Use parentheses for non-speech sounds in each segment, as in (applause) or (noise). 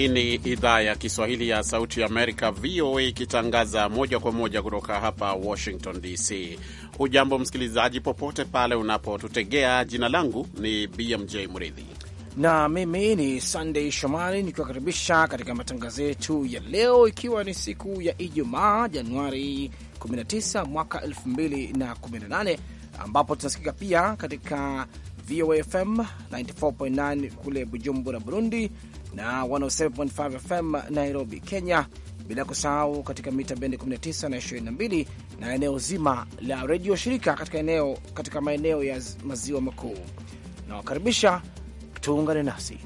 Hii ni idhaa ya Kiswahili ya Sauti ya Amerika, VOA, ikitangaza moja kwa moja kutoka hapa Washington DC. Hujambo msikilizaji, popote pale unapotutegea. Jina langu ni BMJ Mridhi na mimi ni sandey Shomari nikiwakaribisha katika matangazo yetu ya leo, ikiwa ni siku ya Ijumaa Januari 19 mwaka 2018 ambapo tunasikika pia katika VOA FM 94.9 kule Bujumbura, Burundi na 107.5 FM Nairobi, Kenya, bila kusahau katika mita bendi 19 na 22 na eneo zima la redio shirika katika eneo katika maeneo ya maziwa makuu. Nawakaribisha tuungane nasi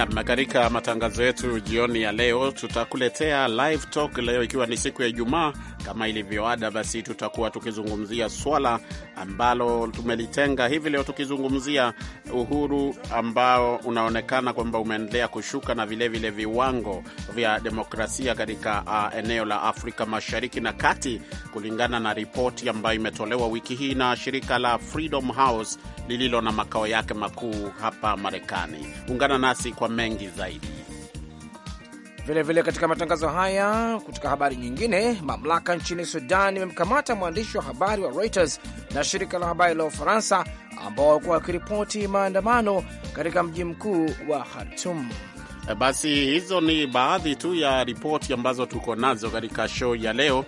Nam, katika matangazo yetu jioni ya leo tutakuletea live talk, leo ikiwa ni siku ya Ijumaa kama ilivyoada, basi tutakuwa tukizungumzia swala ambalo tumelitenga hivi leo, tukizungumzia uhuru ambao unaonekana kwamba umeendelea kushuka na vilevile vile viwango vya demokrasia katika uh, eneo la Afrika Mashariki na Kati, kulingana na ripoti ambayo imetolewa wiki hii na shirika la Freedom House lililo na makao yake makuu hapa Marekani. Ungana nasi kwa mengi zaidi. Vilevile vile katika matangazo haya, kutoka habari nyingine, mamlaka nchini Sudan imemkamata mwandishi wa habari wa Reuters na shirika la habari la Ufaransa ambao walikuwa wakiripoti maandamano katika mji mkuu wa Khartum. E, basi hizo ni baadhi tu ya ripoti ambazo tuko nazo katika show ya leo.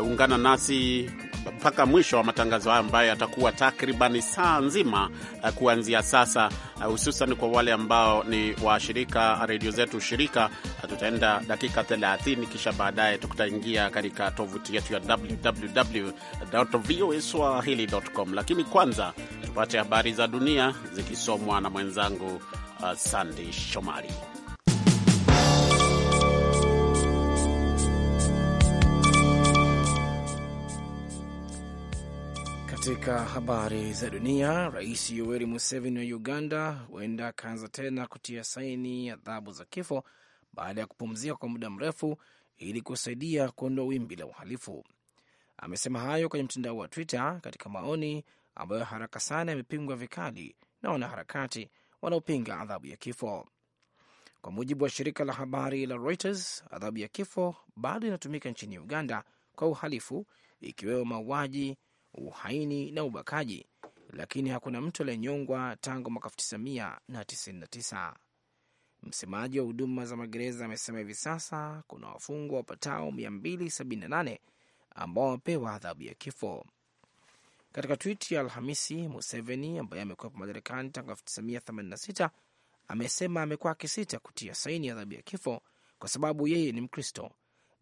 Uh, ungana nasi mpaka mwisho wa matangazo haya ambayo yatakuwa takriban saa nzima eh, kuanzia sasa, eh, hususan kwa wale ambao ni washirika redio zetu shirika. Eh, tutaenda dakika 30 kisha baadaye tutaingia katika tovuti yetu ya www.voaswahili.com, lakini kwanza tupate habari za dunia zikisomwa na mwenzangu uh, Sandi Shomari. Katika habari za dunia, Rais Yoweri Museveni wa Uganda huenda akaanza tena kutia saini adhabu za kifo baada ya kupumzika kwa muda mrefu ili kusaidia kuondoa wimbi la uhalifu. Amesema hayo kwenye mtandao wa Twitter katika maoni ambayo haraka sana yamepingwa vikali na wanaharakati wanaopinga adhabu ya kifo. Kwa mujibu wa shirika la habari la Reuters, adhabu ya kifo bado inatumika nchini Uganda kwa uhalifu ikiwemo mauaji uhaini na ubakaji, lakini hakuna mtu aliyenyongwa tangu mwaka 1999. Msemaji wa huduma za magereza amesema hivi sasa kuna wafungwa wapatao 278 ambao wamepewa adhabu ya kifo. Katika twiti ya Alhamisi, Museveni ambaye amekuwepo madarakani tangu 1986 amesema amekuwa akisita kutia saini adhabu ya kifo kwa sababu yeye ni Mkristo,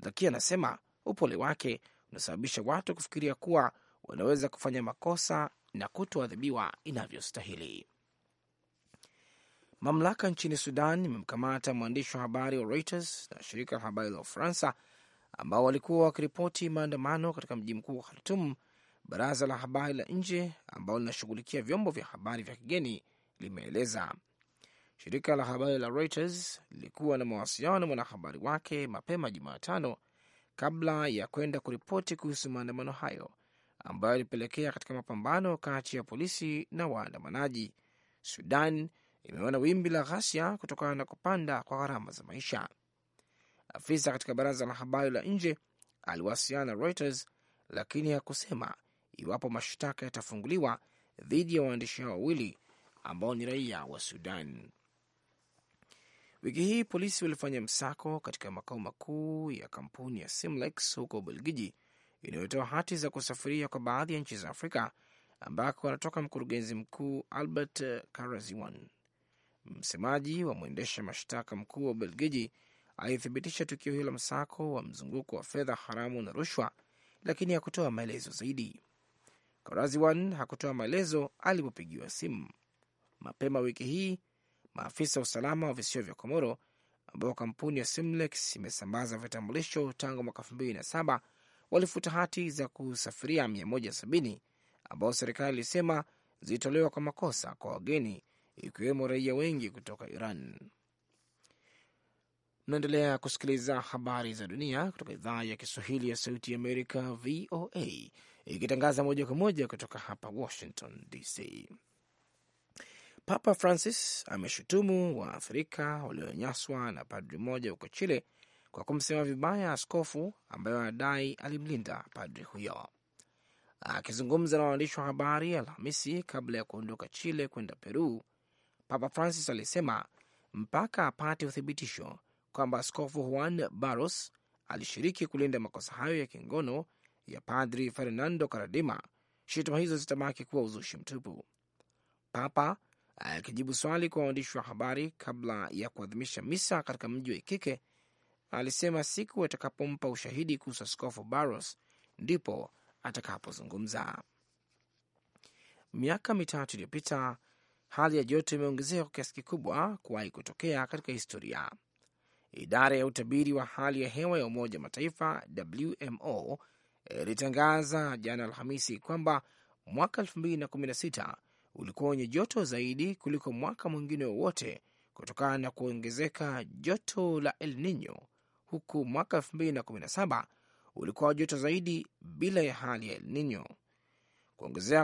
lakini anasema upole wake unasababisha watu kufikiria kuwa wanaweza kufanya makosa na kutoadhibiwa inavyostahili. Mamlaka nchini Sudan imemkamata mwandishi wa habari wa Reuters na shirika la habari la Ufaransa ambao walikuwa wakiripoti maandamano katika mji mkuu wa Khartum. Baraza la habari la nje ambalo linashughulikia vyombo vya habari vya kigeni limeeleza shirika la habari la Reuters lilikuwa na mawasiliano na mwanahabari wake mapema Jumatano kabla ya kwenda kuripoti kuhusu maandamano hayo ambayo ilipelekea katika mapambano kati ya polisi na waandamanaji. Sudan imeona wimbi la ghasia kutokana na kupanda kwa gharama za maisha. Afisa katika baraza la habari la nje aliwasiliana na Reuters, lakini hakusema iwapo mashtaka yatafunguliwa dhidi ya waandishi hao wawili ambao ni raia wa Sudan. Wiki hii polisi walifanya msako katika makao makuu ya kampuni ya Simlex huko Ubelgiji inayotoa hati za kusafiria kwa baadhi ya nchi za Afrika ambako anatoka mkurugenzi mkuu Albert Karaziwan. Msemaji wa mwendesha mashtaka mkuu wa Ubelgiji alithibitisha tukio hilo la msako wa mzunguko wa fedha haramu na rushwa, lakini hakutoa maelezo zaidi. Karaziwan hakutoa maelezo alipopigiwa simu mapema wiki hii. Maafisa wa usalama wa visiwa vya Komoro ambao kampuni ya Simlex imesambaza vitambulisho tangu mwaka elfu mbili na saba walifuta hati za kusafiria 170 ambao serikali ilisema zilitolewa kwa makosa kwa wageni, ikiwemo raia wengi kutoka Iran. Mnaendelea kusikiliza habari za dunia kutoka idhaa ya Kiswahili ya Sauti ya Amerika, VOA, ikitangaza moja kwa moja kutoka hapa Washington DC. Papa Francis ameshutumu waathirika walionyanyaswa na padri mmoja huko Chile kwa kumsema vibaya askofu ambaye anadai alimlinda padri huyo. Akizungumza na waandishi wa habari Alhamisi kabla ya kuondoka Chile kwenda Peru, Papa Francis alisema mpaka apate uthibitisho kwamba askofu Juan Barros alishiriki kulinda makosa hayo ya kingono ya padri Fernando Karadima, shutuma hizo zitabaki kuwa uzushi mtupu. Papa akijibu swali kwa waandishi wa habari kabla ya kuadhimisha misa katika mji wa Ikike alisema siku atakapompa ushahidi kuhusu Askofu Barros ndipo atakapozungumza. Miaka mitatu iliyopita, hali ya joto imeongezeka kwa kiasi kikubwa kuwahi kutokea katika historia. Idara ya utabiri wa hali ya hewa ya Umoja Mataifa, WMO, ilitangaza jana Alhamisi kwamba mwaka 2016 ulikuwa wenye joto zaidi kuliko mwaka mwingine wowote kutokana na kuongezeka joto la El Nino huku mwaka 2017 ulikuwa wa joto zaidi bila ya hali ya El Nino.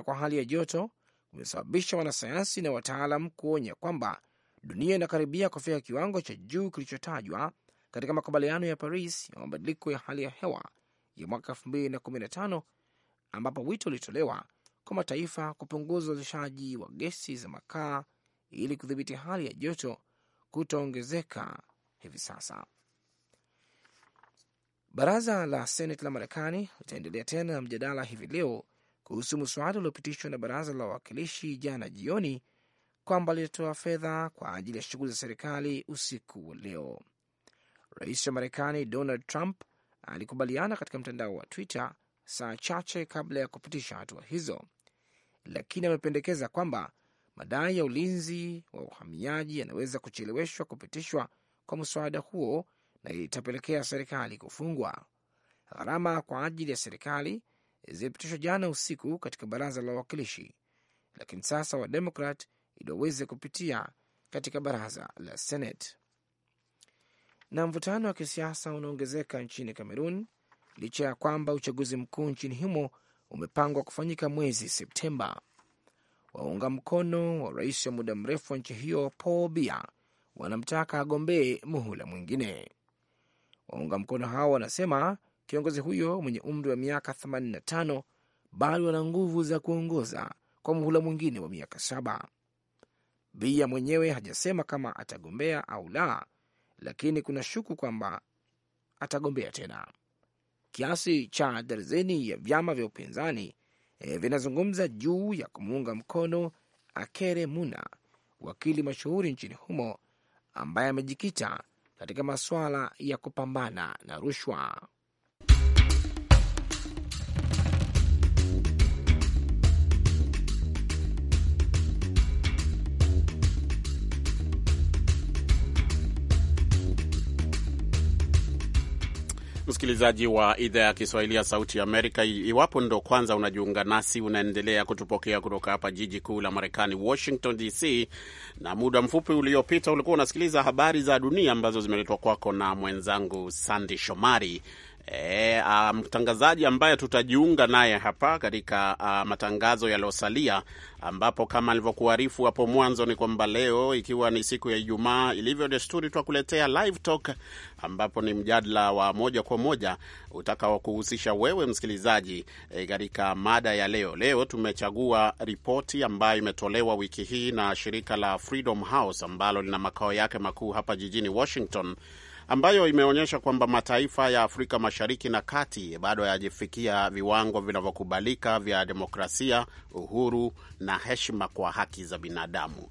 kwa hali ya joto kumesababisha wanasayansi na wataalam kuonya kwamba dunia inakaribia kufika kiwango cha juu kilichotajwa katika makubaliano ya Paris ya mabadiliko ya hali ya hewa ya mwaka 2015 ambapo wito ulitolewa kwa mataifa kupunguza uzalishaji wa gesi za makaa ili kudhibiti hali ya joto kutoongezeka hivi sasa. Baraza la Seneti la Marekani litaendelea tena mjadala hivi leo kuhusu mswada uliopitishwa na baraza la wawakilishi jana jioni kwamba litatoa fedha kwa ajili ya shughuli za serikali usiku wa leo. Rais wa Marekani Donald Trump alikubaliana katika mtandao wa Twitter saa chache kabla ya kupitisha hatua hizo, lakini amependekeza kwamba madai ya ulinzi wa uhamiaji yanaweza kucheleweshwa kupitishwa kwa mswada huo na itapelekea serikali kufungwa. Gharama kwa ajili ya serikali zilipitishwa jana usiku katika baraza la wawakilishi, lakini sasa Wademokrat ili waweze kupitia katika baraza la Senate. Na mvutano wa kisiasa unaongezeka nchini Kamerun licha ya kwamba uchaguzi mkuu nchini humo umepangwa kufanyika mwezi Septemba. Waunga mkono wa rais wa muda mrefu wa nchi hiyo Paul Biya wanamtaka agombee muhula mwingine. Waunga mkono hao wanasema kiongozi huyo mwenye umri wa miaka 85 bado ana nguvu za kuongoza kwa muhula mwingine wa miaka saba. Bia mwenyewe hajasema kama atagombea au la, lakini kuna shuku kwamba atagombea tena. Kiasi cha darzeni ya vyama vya upinzani e, vinazungumza juu ya kumuunga mkono Akere Muna, wakili mashuhuri nchini humo ambaye amejikita katika masuala ya kupambana na rushwa. msikilizaji wa idhaa ya Kiswahili ya Sauti ya Amerika. Iwapo ndo kwanza unajiunga nasi, unaendelea kutupokea kutoka hapa jiji kuu la Marekani, Washington DC, na muda mfupi uliopita ulikuwa unasikiliza habari za dunia ambazo zimeletwa kwako na mwenzangu Sandi Shomari. E, mtangazaji ambaye tutajiunga naye hapa katika ah, matangazo yaliyosalia, ambapo kama alivyokuarifu hapo mwanzo ni kwamba leo ikiwa ni siku ya Ijumaa, ilivyo desturi, twakuletea live talk, ambapo ni mjadala wa moja kwa moja utakaokuhusisha wewe msikilizaji eh, katika e, mada ya leo. Leo tumechagua ripoti ambayo imetolewa wiki hii na shirika la Freedom House ambalo lina makao yake makuu hapa jijini Washington ambayo imeonyesha kwamba mataifa ya Afrika Mashariki na Kati bado hayajafikia viwango vinavyokubalika vya demokrasia, uhuru na heshima kwa haki za binadamu.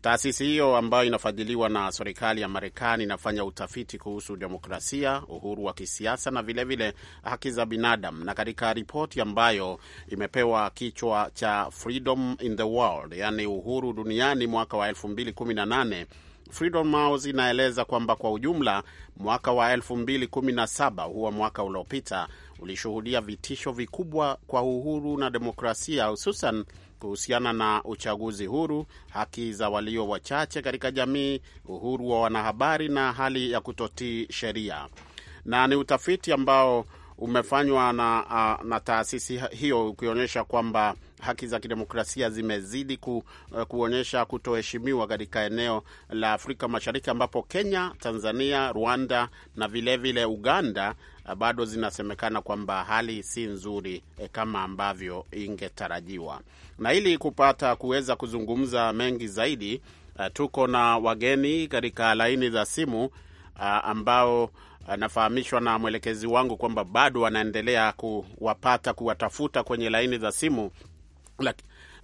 Taasisi hiyo ambayo inafadhiliwa na serikali ya Marekani inafanya utafiti kuhusu demokrasia, uhuru wa kisiasa na vilevile vile haki za binadamu. Na katika ripoti ambayo imepewa kichwa cha Freedom in the World, yaani uhuru duniani, mwaka wa 2018 Freedom House inaeleza kwamba kwa ujumla mwaka wa 2017 huwa mwaka uliopita ulishuhudia vitisho vikubwa kwa uhuru na demokrasia hususan kuhusiana na uchaguzi huru, haki za walio wachache katika jamii, uhuru wa wanahabari na hali ya kutotii sheria. Na ni utafiti ambao umefanywa na, na taasisi hiyo ukionyesha kwamba haki za kidemokrasia zimezidi ku, e, kuonyesha kutoheshimiwa katika eneo la Afrika Mashariki ambapo Kenya, Tanzania, Rwanda na vilevile vile Uganda e, bado zinasemekana kwamba hali si nzuri eh, kama ambavyo ingetarajiwa. Na ili kupata kuweza kuzungumza mengi zaidi, e, tuko na wageni katika laini za simu ambao nafahamishwa na mwelekezi wangu kwamba bado wanaendelea kuwapata, kuwatafuta kwenye laini za simu,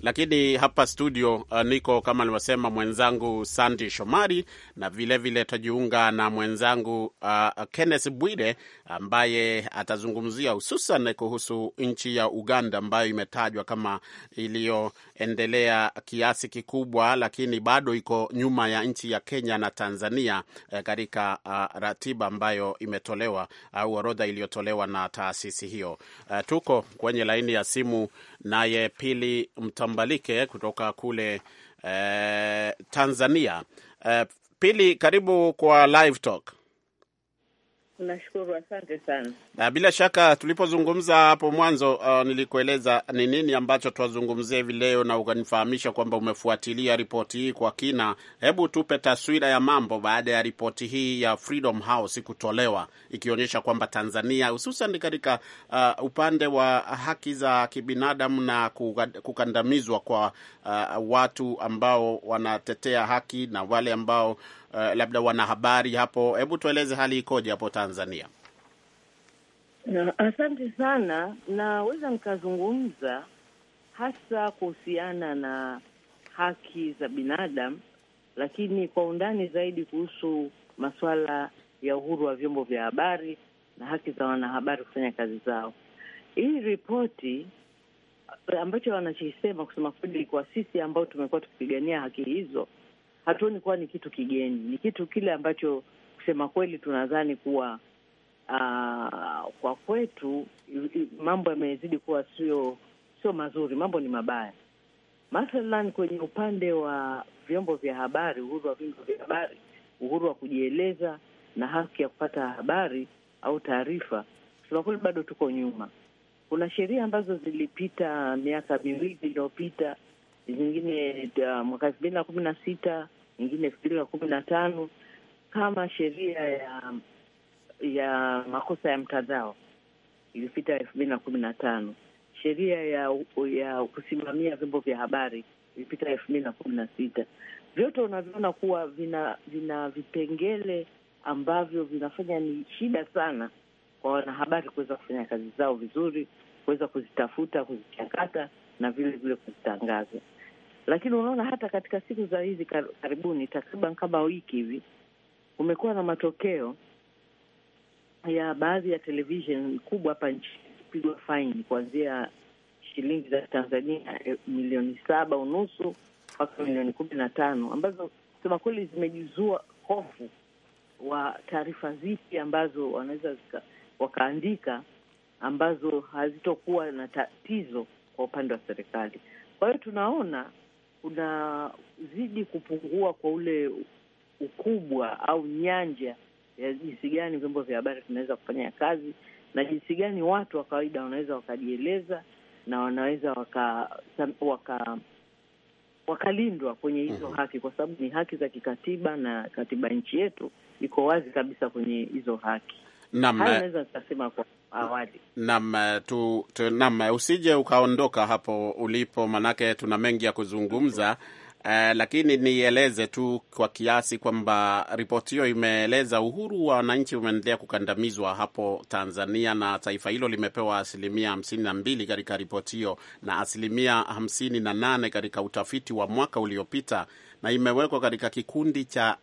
lakini hapa studio uh, niko kama alivyosema mwenzangu Sandi Shomari, na vilevile tajiunga na mwenzangu uh, Kenneth Bwire ambaye atazungumzia hususan kuhusu nchi ya Uganda ambayo imetajwa kama iliyoendelea kiasi kikubwa, lakini bado iko nyuma ya nchi ya Kenya na Tanzania uh, katika uh, ratiba ambayo imetolewa au uh, orodha iliyotolewa na taasisi hiyo. Uh, tuko kwenye laini ya simu naye Pili Mtambalike kutoka kule eh, Tanzania. Eh, Pili, karibu kwa Live Talk. Nashukuru, asante sana. Na bila shaka tulipozungumza hapo mwanzo, uh, nilikueleza ni nini ambacho tuwazungumzia hivi leo, na ukanifahamisha kwamba umefuatilia ripoti hii kwa kina. Hebu tupe taswira ya mambo baada ya ripoti hii ya Freedom House kutolewa ikionyesha kwamba Tanzania hususan katika uh, upande wa haki za kibinadamu na kukandamizwa kwa uh, watu ambao wanatetea haki na wale ambao uh, labda wanahabari hapo. Hebu tueleze hali ikoje hapo Tanzania? Na, asante sana. Naweza nikazungumza hasa kuhusiana na haki za binadamu, lakini kwa undani zaidi kuhusu masuala ya uhuru wa vyombo vya habari na haki za wanahabari kufanya kazi zao. Hii ripoti eh, ambacho wanachisema kusema kweli, kwa sisi ambao tumekuwa tukipigania haki hizo hatuoni kuwa ni kitu kigeni, ni kitu kile ambacho kusema kweli tunadhani kuwa uh, kwa kwetu mambo yamezidi kuwa sio sio mazuri, mambo ni mabaya. Mathalan kwenye upande wa vyombo vya habari, uhuru wa vyombo vya habari, uhuru wa kujieleza na haki ya kupata habari au taarifa, kusema kweli bado tuko nyuma. Kuna sheria ambazo zilipita miaka miwili iliyopita, zingine ah, mwaka elfu mbili na kumi na sita nyingine elfu mbili na kumi na tano kama sheria ya ya makosa ya mtandao ilipita elfu mbili na kumi na tano sheria ya ya kusimamia vyombo vya habari ilipita elfu mbili na kumi na sita Vyote unavyoona kuwa vina vina vipengele ambavyo vinafanya ni shida sana kwa wanahabari kuweza kufanya kazi zao vizuri, kuweza kuzitafuta, kuzichakata na vile vile kuzitangaza. Lakini unaona hata katika siku za hizi karibuni, takriban kama wiki hivi, kumekuwa na matokeo ya baadhi ya televishen kubwa hapa nchini kupigwa faini kuanzia shilingi za Tanzania eh, milioni saba unusu mpaka milioni kumi na tano ambazo kusema kweli zimejizua hofu wa taarifa zipi ambazo wanaweza wakaandika ambazo hazitokuwa na tatizo kwa upande wa serikali. Kwa hiyo tunaona kunazidi kupungua kwa ule ukubwa au nyanja ya jinsi gani vyombo vya habari vinaweza kufanya kazi na jinsi gani watu wa kawaida wanaweza wakajieleza na wanaweza waka, waka kwenye hizo mm -hmm. haki kwa sababu ni haki za kikatiba na katiba nchi yetu iko wazi kabisa kwenye hizo haki. Naam, naweza nikasema kwa awali. Naam tu, tu, naam, usije ukaondoka hapo ulipo, manake tuna mengi ya kuzungumza. Uh, lakini nieleze tu kwa kiasi kwamba ripoti hiyo imeeleza uhuru wa wananchi umeendelea kukandamizwa hapo Tanzania, na taifa hilo limepewa asilimia hamsini na mbili katika ripoti hiyo na asilimia hamsini na nane katika utafiti wa mwaka uliopita na imewekwa katika kikundi cha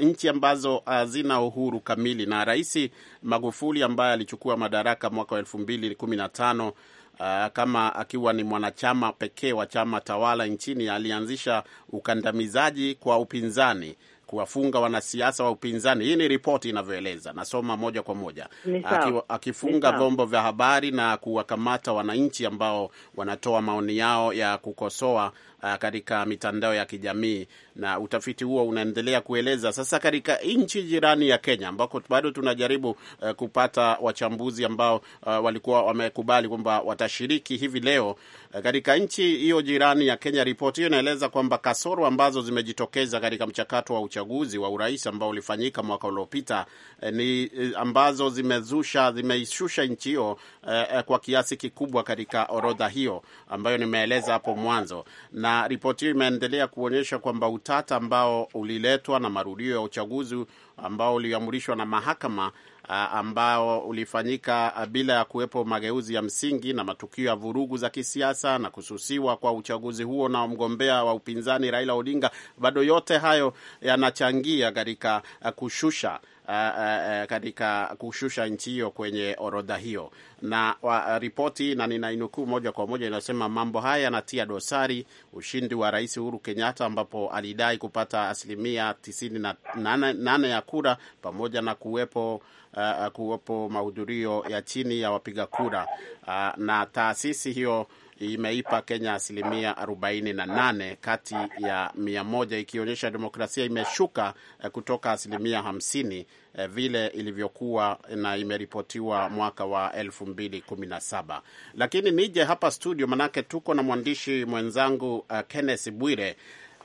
nchi ambazo hazina ah, uhuru kamili, na Rais Magufuli ambaye alichukua madaraka mwaka wa elfu mbili kumi na tano Uh, kama akiwa ni mwanachama pekee wa chama tawala nchini alianzisha ukandamizaji kwa upinzani kuwafunga wanasiasa wa upinzani. Hii ni ripoti inavyoeleza, nasoma moja kwa moja. Aki, akifunga vyombo vya habari na kuwakamata wananchi ambao wanatoa maoni yao ya kukosoa uh, katika mitandao ya kijamii, na utafiti huo unaendelea kueleza sasa, katika nchi jirani ya Kenya ambako bado tunajaribu uh, kupata wachambuzi ambao uh, walikuwa wamekubali kwamba watashiriki hivi leo uh, katika nchi hiyo jirani ya Kenya. Ripoti hiyo inaeleza kwamba kasoro ambazo zimejitokeza katika mchakato wa uchaguzi uchaguzi wa urais ambao ulifanyika mwaka uliopita eh, ni eh, ambazo zimezusha zimeishusha nchi hiyo eh, eh, kwa kiasi kikubwa katika orodha hiyo ambayo nimeeleza hapo mwanzo, na ripoti hiyo imeendelea kuonyesha kwamba utata ambao uliletwa na marudio ya uchaguzi ambao uliamrishwa na mahakama ambao ulifanyika bila ya kuwepo mageuzi ya msingi na matukio ya vurugu za kisiasa na kususiwa kwa uchaguzi huo na mgombea wa upinzani Raila Odinga, bado yote hayo yanachangia katika kushusha uh, uh, katika kushusha nchi hiyo kwenye orodha hiyo, na uh, ripoti na ninainukuu moja kwa moja inasema mambo haya yanatia dosari ushindi wa Rais Uhuru Kenyatta ambapo alidai kupata asilimia tisini na nane, nane ya kura pamoja na kuwepo uh, kuwepo mahudhurio ya chini ya wapiga kura uh, na taasisi hiyo imeipa Kenya asilimia 48 kati ya 100 ikionyesha demokrasia imeshuka eh, kutoka asilimia 50 eh, vile ilivyokuwa na imeripotiwa mwaka wa 2017. Lakini nije hapa studio, manake tuko na mwandishi mwenzangu uh, Kenneth Bwire.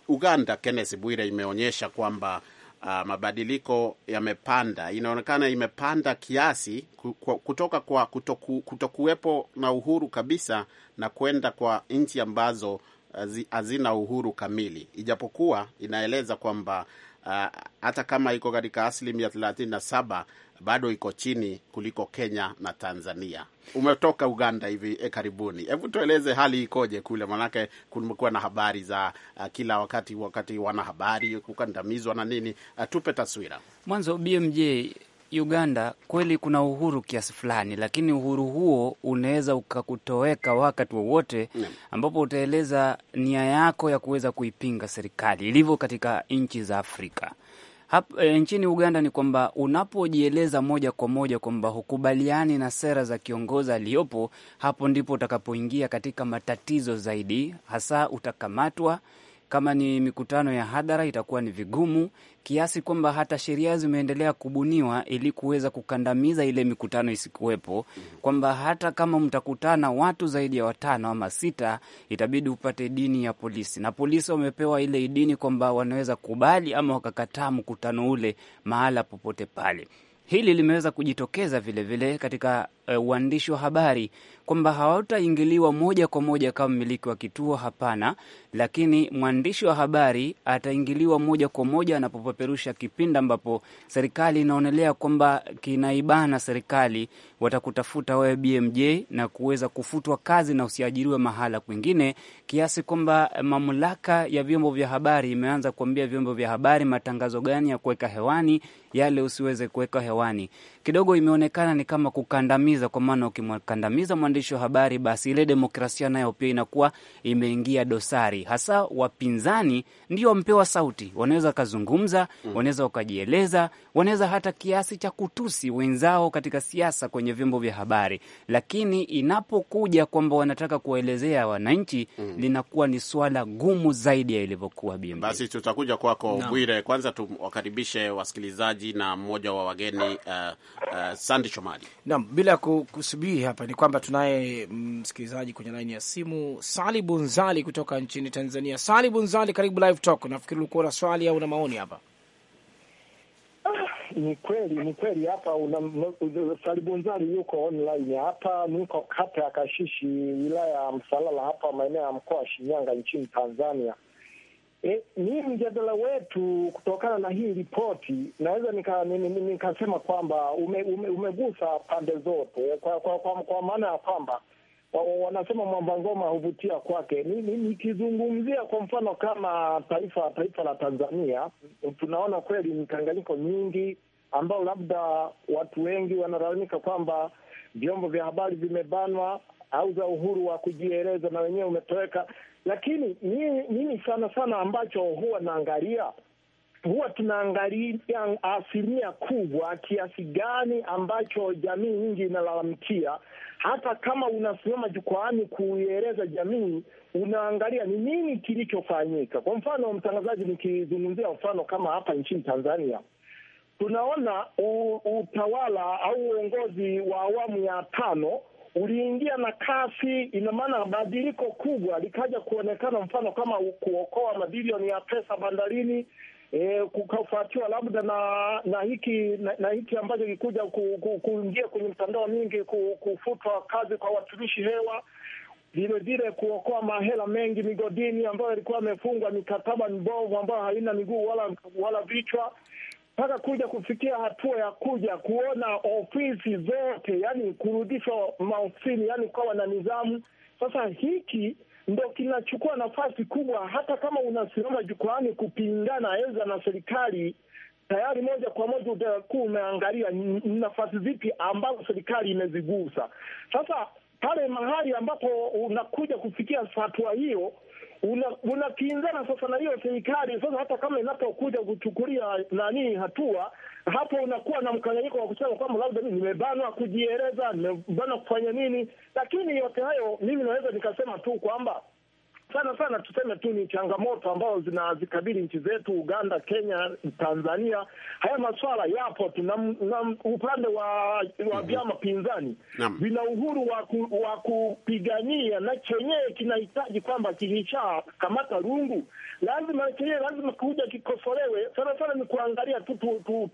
Uganda, Kenneth Bwire, imeonyesha kwamba Uh, mabadiliko yamepanda, inaonekana imepanda kiasi kutoka kwa kutoku, kutokuwepo na uhuru kabisa na kwenda kwa nchi ambazo uh, hazina uhuru kamili, ijapokuwa inaeleza kwamba uh, hata kama iko katika asilimia saba bado iko chini kuliko Kenya na Tanzania. Umetoka Uganda hivi e karibuni, hebu tueleze hali ikoje kule? Manake kumekuwa na habari za uh, kila wakati wakati wanahabari kukandamizwa na nini. Uh, tupe taswira mwanzo BMJ Uganda kweli kuna uhuru kiasi fulani, lakini uhuru huo unaweza ukakutoweka wakati wowote ambapo utaeleza nia yako ya kuweza kuipinga serikali ilivyo katika nchi za Afrika. Hap, e, nchini Uganda ni kwamba unapojieleza moja kwa moja kwamba hukubaliani na sera za kiongozi aliyopo, hapo ndipo utakapoingia katika matatizo zaidi, hasa utakamatwa kama ni mikutano ya hadhara, itakuwa ni vigumu kiasi kwamba hata sheria zimeendelea kubuniwa ili kuweza kukandamiza ile mikutano isikuwepo, kwamba hata kama mtakutana watu zaidi ya watano ama sita, itabidi upate idini ya polisi, na polisi wamepewa ile idini kwamba wanaweza kubali ama wakakataa mkutano ule mahala popote pale. Hili limeweza kujitokeza vilevile vile katika eh, uandishi uh, wa habari kwamba hawataingiliwa moja kwa moja kama mmiliki wa kituo, hapana, lakini mwandishi wa habari ataingiliwa moja kwa moja anapopeperusha kipindi ambapo serikali inaonelea kwamba kinaibana serikali watakutafuta wewe BMJ na kuweza kufutwa kazi na usiajiriwe mahala kwingine, kiasi kwamba mamlaka ya vyombo vya habari imeanza kuambia vyombo vya habari matangazo gani ya kuweka hewani, yale usiweze kuweka hewani. Kidogo imeonekana ni kama kukandamiza, kwa maana ukimkandamiza mwandishi wa habari, basi ile demokrasia nayo pia inakuwa imeingia dosari. Hasa wapinzani ndio wampewa sauti, wanaweza wakazungumza, mm. wanaweza wakajieleza, wanaweza hata kiasi cha kutusi wenzao katika siasa kwenye kwenye vyombo vya habari, lakini inapokuja kwamba wanataka kuwaelezea wananchi mm, linakuwa ni swala gumu zaidi ya ilivyokuwa. Basi tutakuja kwako no. Bwire, kwanza tuwakaribishe wasikilizaji na mmoja wa wageni uh, uh, Sandi Shomali. Naam, bila kusubiri hapa ni kwamba tunaye mm, msikilizaji kwenye laini ya simu Sali Bunzali kutoka nchini Tanzania. Sali Bunzali, karibu Live Talk. Nafikiri ulikuwa na swali au na maoni hapa. Ni kweli ni kweli, hapa Salibunzari yuko online hapa, niko kata ya Kashishi, wilaya ya Msalala, hapa maeneo ya mkoa wa Shinyanga nchini Tanzania. E, nii mjadala wetu kutokana na hii ripoti naweza nikasema ni, ni kwamba ume, ume, umegusa pande zote kwa, kwa, kwa, kwa maana ya kwamba wanasema mwamba ngoma huvutia kwake. Nikizungumzia kwa mfano kama taifa taifa la Tanzania, tunaona kweli mkanganyiko nyingi ambao labda watu wengi wanalalamika kwamba vyombo vya habari vimebanwa au za uhuru wa kujieleza na wenyewe umetoweka. Lakini mimi sana sana ambacho huwa naangalia huwa tunaangalia asilimia kubwa kiasi gani ambacho jamii nyingi inalalamikia. Hata kama unasimama jukwaani kuieleza jamii, unaangalia ni nini kilichofanyika. Kwa mfano, mtangazaji, nikizungumzia mfano kama hapa nchini Tanzania tunaona utawala au uongozi wa awamu ya tano uliingia na kasi. Ina maana badiliko kubwa likaja kuonekana, mfano kama kuokoa mabilioni ya pesa bandarini. E, kukafuatiwa labda na na hiki na, na hiki ambacho kikuja ku, kuingia kwenye mtandao mingi ku, kufutwa kazi kwa watumishi hewa, vilevile kuokoa mahela mengi migodini ambayo alikuwa amefungwa mikataba mibovu ambayo haina miguu wala wala vichwa mpaka kuja kufikia hatua ya kuja kuona ofisi zote, yani kurudishwa maofisini, yani ukawa na nidhamu. Sasa hiki ndo kinachukua nafasi kubwa, hata kama unasimama jukwani kupingana eza na serikali tayari moja kwa moja utakuwa umeangalia ni nafasi zipi ambazo serikali imezigusa. Sasa pale mahali ambapo unakuja kufikia hatua hiyo, unakinzana una sasa na hiyo serikali sasa. Hata kama inapokuja kuchukulia nani hatua, hapo unakuwa na mkanganyiko wa kusema kwamba labda mimi nimebanwa kujieleza, nimebanwa kufanya nini. Lakini yote hayo mimi naweza nikasema tu kwamba sana sana tuseme tu ni changamoto ambazo zinazikabili nchi zetu Uganda, Kenya, Tanzania. Haya maswala yapo tu, na upande wa wa mhm. vyama pinzani vina uhuru wa kupigania, na chenyewe kinahitaji kwamba kilisha kamata rungu lazima chenye lazima kuja kikosolewe. Sana sana ni kuangalia tu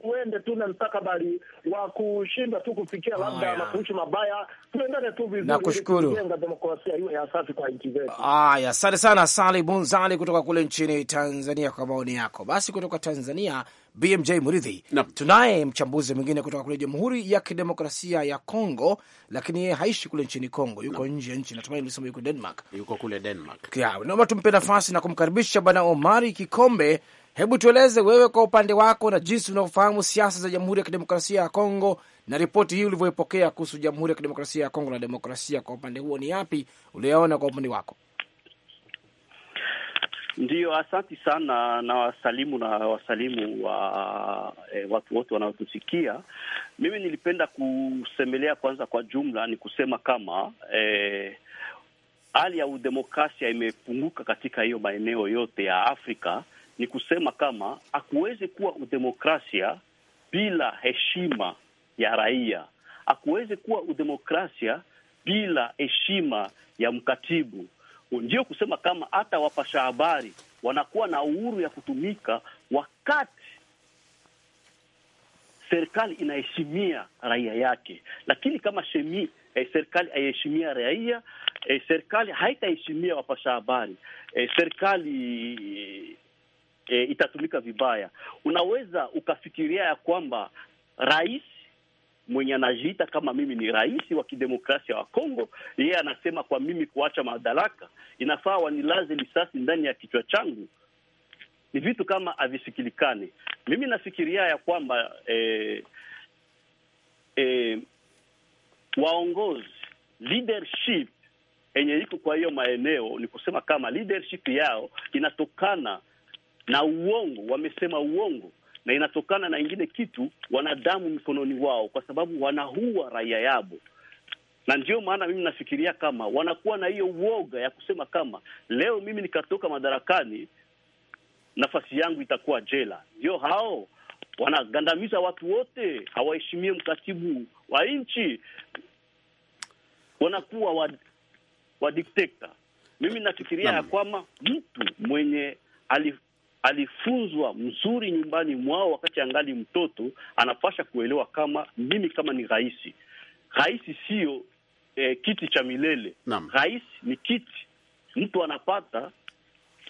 tuende tu na mstakabali wa kushinda tu kufikia labda makuishi mabaya, tuendane tu vizuri. Nakushukuru, kujenga demokrasia ya safi kwa nchi zetu. Haya, asante sana Sali Bunzali kutoka kule nchini Tanzania kwa maoni yako. Basi kutoka Tanzania BMJ Muridhi. Tunaye mchambuzi mwingine kutoka kule Jamhuri ya Kidemokrasia ya Kongo, lakini yeye haishi kule nchini Kongo, yuko nje ya nchi. Natumai ulisema yuko Denmark, yuko kule Denmark. Naomba tumpe nafasi na kumkaribisha Bwana Omari Kikombe. Hebu tueleze wewe kwa upande wako na jinsi unavyofahamu siasa za Jamhuri ya Kidemokrasia ya Kongo na ripoti hii ulivyoipokea kuhusu Jamhuri ya Kidemokrasia ya Kongo na demokrasia, kwa upande huo ni yapi uliyaona kwa upande wako? Ndiyo, asanti sana na wasalimu na wasalimu wa e, watu wote wanaotusikia. Mimi nilipenda kusemelea kwanza, kwa jumla ni kusema kama e, hali ya udemokrasia imepunguka katika hiyo maeneo yote ya Afrika. Ni kusema kama hakuwezi kuwa udemokrasia bila heshima ya raia, hakuwezi kuwa udemokrasia bila heshima ya mkatibu ndio kusema kama hata wapasha habari wanakuwa na uhuru ya kutumika wakati serikali inaheshimia raia yake, lakini kama shemi, eh, serikali haiheshimia raia eh, serikali haitaheshimia wapasha habari eh, serikali eh, itatumika vibaya. Unaweza ukafikiria ya kwamba rais mwenye anajiita kama mimi ni rais wa kidemokrasia wa Kongo, yeye anasema kwa mimi kuacha madaraka inafaa wanilaze lisasi ndani ya kichwa changu. Ni vitu kama havisikilikani. Mimi nafikiria ya kwamba eh, eh, waongozi leadership yenye iko kwa hiyo maeneo ni kusema kama leadership yao inatokana na uongo, wamesema uongo na inatokana na ingine kitu, wanadamu mkononi mikononi wao, kwa sababu wanaua raia yabo na ndio maana mimi nafikiria kama wanakuwa na hiyo uoga ya kusema kama leo mimi nikatoka madarakani, nafasi yangu itakuwa jela. Ndio hao wanagandamiza watu wote, hawaheshimie mkatibu wa nchi, wanakuwa wa, wa dikteta. Mimi nafikiria ya kwamba mtu mwenye alifunzwa mzuri nyumbani mwao wakati angali mtoto, anapasha kuelewa kama mimi kama ni rais, rais siyo eh, kiti cha milele. Naam. Rais ni kiti mtu anapata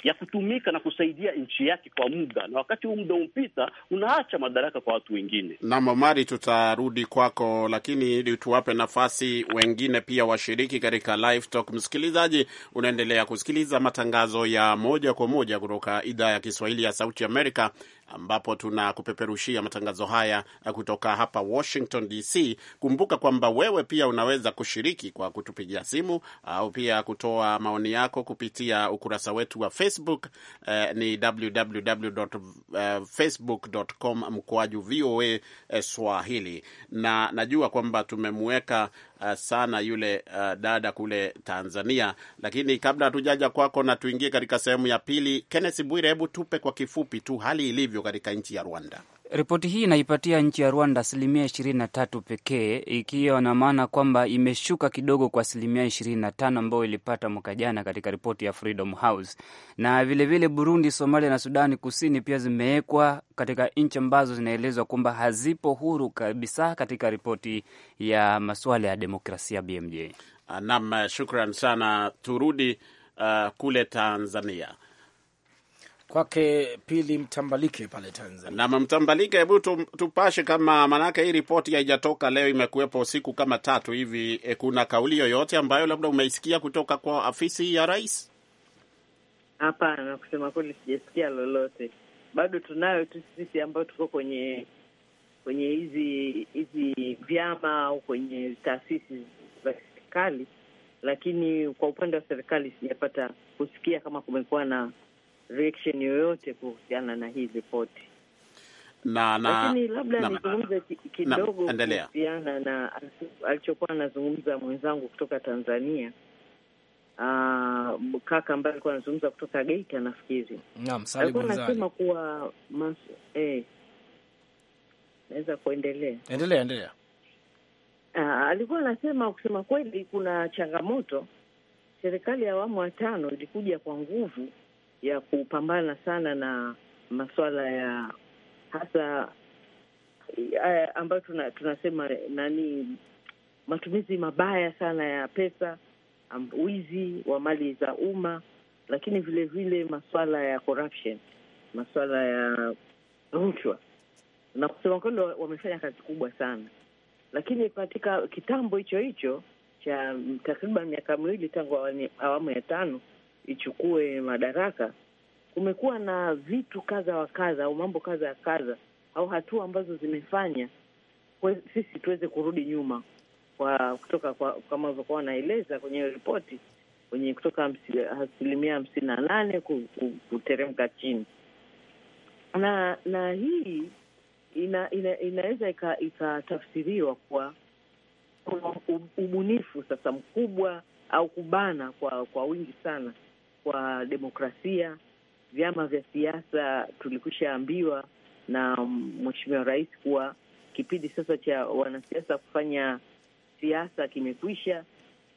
ya kutumika na kusaidia nchi yake kwa muda, na wakati huu muda umpita, unaacha madaraka kwa watu wengine. Naam, Omari, tutarudi kwako, lakini ili tuwape nafasi wengine pia washiriki katika live talk. Msikilizaji, unaendelea kusikiliza matangazo ya moja kwa moja kutoka idhaa ya Kiswahili ya Sauti Amerika, ambapo tunakupeperushia matangazo haya kutoka hapa Washington DC. Kumbuka kwamba wewe pia unaweza kushiriki kwa kutupigia simu au pia kutoa maoni yako kupitia ukurasa wetu wa Facebook eh, ni www.facebook.com eh, mkoaju VOA eh, Swahili, na najua kwamba tumemweka Eh, sana yule uh, dada kule Tanzania. Lakini kabla hatujaja kwako na tuingie katika sehemu ya pili, Kenneth Bwire, hebu tupe kwa kifupi tu hali ilivyo katika nchi ya Rwanda. Ripoti hii inaipatia nchi ya Rwanda asilimia ishirini na tatu pekee, ikiwa na maana kwamba imeshuka kidogo kwa asilimia ishirini na tano ambayo ilipata mwaka jana katika ripoti ya Freedom House. Na vilevile vile Burundi, Somalia na Sudani Kusini pia zimewekwa katika nchi ambazo zinaelezwa kwamba hazipo huru kabisa katika ripoti ya masuala ya demokrasia. BMJ nam, shukran sana. Turudi uh, kule Tanzania kwake Pili Mtambalike pale Tanzania. Na Mtambalike, hebu tupashe kama, maanake hii ripoti haijatoka leo, imekuwepo siku kama tatu hivi. E, kuna kauli yoyote ambayo labda umeisikia kutoka kwa afisi ya rais? Hapana, kusema kweli sijasikia lolote bado. Tunayo tu sisi ambayo tuko kwenye kwenye hizi hizi vyama au kwenye taasisi za serikali, lakini kwa upande wa serikali sijapata kusikia kama kumekuwa na reaction yoyote kuhusiana na hii ripoti na, na, lakini labda na, nizungumze kidogo kuhusiana na alichokuwa anazungumza mwenzangu kutoka Tanzania. Uh, kaka ambaye alikuwa anazungumza kutoka Geita nafikiri alikuwa anasema kuwa eh, naweza kuendelea endelea endelea. Uh, alikuwa anasema kusema kweli kuna changamoto. Serikali ya awamu ya tano ilikuja kwa nguvu ya kupambana sana na masuala ya hasa haya eh, ambayo tuna, tunasema nani, matumizi mabaya sana ya pesa, wizi wa mali za umma, lakini vile vile masuala ya corruption, masuala ya rushwa. Na kusema kweli, wamefanya kazi kubwa sana, lakini katika kitambo hicho hicho cha takriban miaka miwili tangu awamu ya tano ichukue madaraka, kumekuwa na vitu kadha wa kadha au mambo kadha ya kadha au hatua ambazo zimefanya sisi tuweze kurudi nyuma kwa kutoka kwa, kama alivyokuwa wanaeleza kwenye hiyo ripoti kwenye kutoka asilimia hamsini na nane kuteremka chini, na na hii ina, ina, inaweza ikatafsiriwa kwa ubunifu sasa mkubwa au kubana kwa kwa wingi sana kwa demokrasia, vyama vya siasa. tulikushaambiwa ambiwa na mheshimiwa rais kuwa kipindi sasa cha wanasiasa kufanya siasa kimekwisha.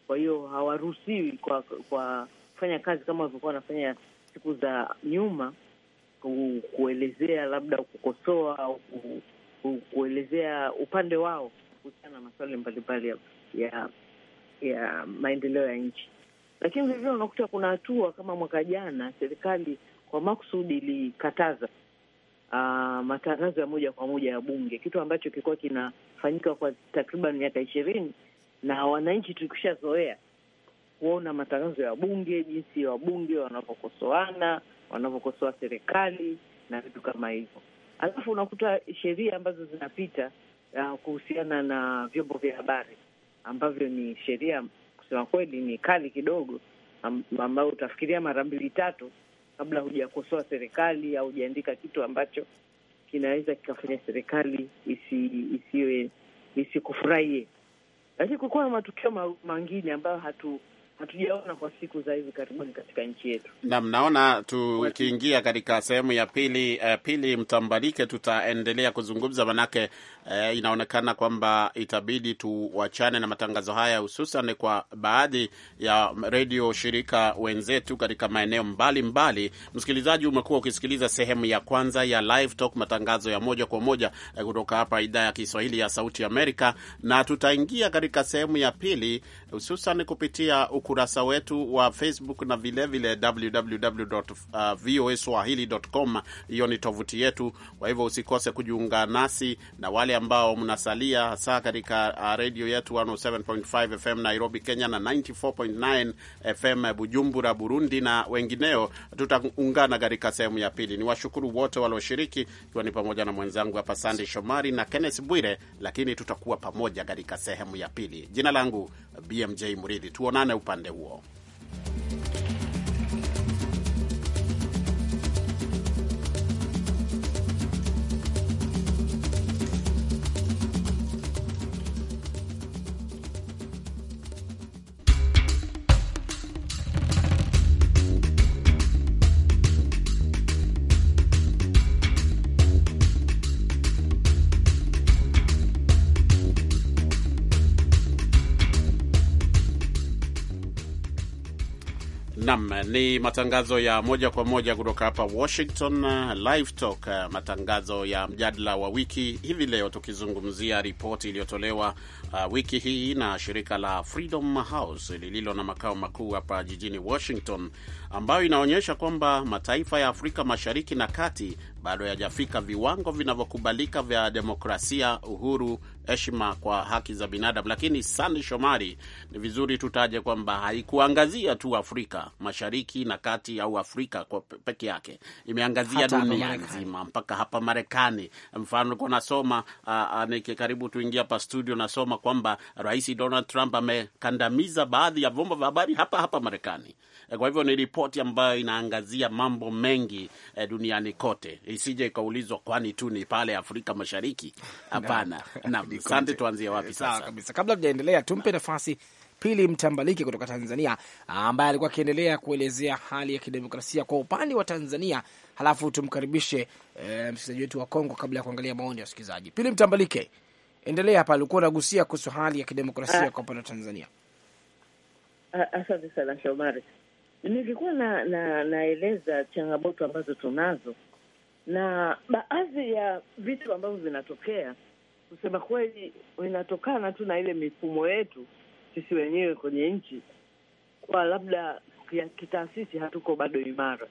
Kwa hiyo hawaruhusiwi kwa, kwa kufanya kazi kama walivyokuwa wanafanya siku za nyuma, kuelezea labda kukosoa au kuelezea upande wao kuhusiana na maswali mbalimbali ya, ya, ya maendeleo ya nchi. Lakini vilevile unakuta kuna hatua kama mwaka jana serikali kwa makusudi ilikataza uh, matangazo ya moja kwa moja ya Bunge, kitu ambacho kilikuwa kinafanyika kwa takriban miaka ishirini, na wananchi tukishazoea kuona matangazo ya Bunge, jinsi ya wabunge wanavyokosoana, wanavyokosoa serikali na vitu kama hivyo. Alafu unakuta sheria ambazo zinapita uh, kuhusiana na vyombo vya habari ambavyo ni sheria kusema kweli ni kali kidogo, ambayo utafikiria mara mbili tatu kabla hujakosoa serikali au hujaandika kitu ambacho kinaweza kikafanya serikali isikufurahie isi, lakini kukuwa na matukio mangine ambayo hatu hatujaona kwa siku za hivi karibuni katika nchi yetu. Naam, naona tukiingia katika sehemu ya pili uh, pili mtambalike, tutaendelea kuzungumza manake, uh, inaonekana kwamba itabidi tuwachane na matangazo haya, hususan kwa baadhi ya redio shirika wenzetu katika maeneo mbalimbali. Msikilizaji, umekuwa ukisikiliza sehemu ya kwanza ya Live Talk, matangazo ya moja kwa moja eh, kutoka hapa idhaa ya Kiswahili ya Sauti Amerika, na tutaingia katika sehemu ya pili hususan kupitia ukurasa wetu wa Facebook na vilevile www.voaswahili.com. Uh, Hiyo ni tovuti yetu, kwa hivyo usikose kujiunga nasi na wale ambao mnasalia hasa katika uh, redio yetu 107.5 FM Nairobi, Kenya na 94.9 FM Bujumbura, Burundi na wengineo, tutaungana katika sehemu ya pili. Ni washukuru wote walioshiriki, ikiwa ni pamoja na mwenzangu hapa Sandey Shomari na Kenneth Bwire, lakini tutakuwa pamoja katika sehemu ya pili. Jina langu BMJ Muridhi, tuonane upa upande huo. Nam ni matangazo ya moja kwa moja kutoka hapa Washington. Uh, Live Talk, uh, matangazo ya mjadala wa wiki hivi leo, tukizungumzia ripoti iliyotolewa uh, wiki hii na shirika la Freedom House lililo na makao makuu hapa jijini Washington, ambayo inaonyesha kwamba mataifa ya Afrika Mashariki na Kati bado yajafika viwango vinavyokubalika vya demokrasia, uhuru, heshima kwa haki za binadamu. Lakini Sande Shomari, ni vizuri tutaje kwamba haikuangazia tu Afrika Mashariki na Kati au Afrika kwa peke yake, imeangazia dunia nzima mpaka hapa Marekani. Mfano, nilikuwa nasoma karibu tuingia hapa studio, nasoma kwamba Rais Donald Trump amekandamiza baadhi ya vyombo vya habari hapa hapa Marekani. Eh, kwa hivyo ni ripoti ambayo inaangazia mambo mengi e, duniani kote, isije ikaulizwa kwani tu ni pale Afrika Mashariki. (laughs) Hapana. Naam, (laughs) asante. Tuanzie wapi sasa? Kabisa, kabla tujaendelea, tumpe nafasi Pili Mtambalike kutoka Tanzania, ambaye alikuwa akiendelea kuelezea hali ya kidemokrasia kwa upande wa Tanzania, halafu tumkaribishe e, msikilizaji wetu wa Kongo kabla ya kuangalia maoni ya wasikilizaji. Pili Mtambalike, endelea hapa, alikuwa unagusia kuhusu hali ya kidemokrasia ah. kwa upande wa Tanzania. Ah, asante sana Shomari nilikuwa na, na naeleza changamoto ambazo tunazo na baadhi ya vitu ambavyo vinatokea kusema kweli inatokana tu na ile mifumo yetu sisi wenyewe kwenye nchi, kwa labda kitaasisi hatuko bado imara,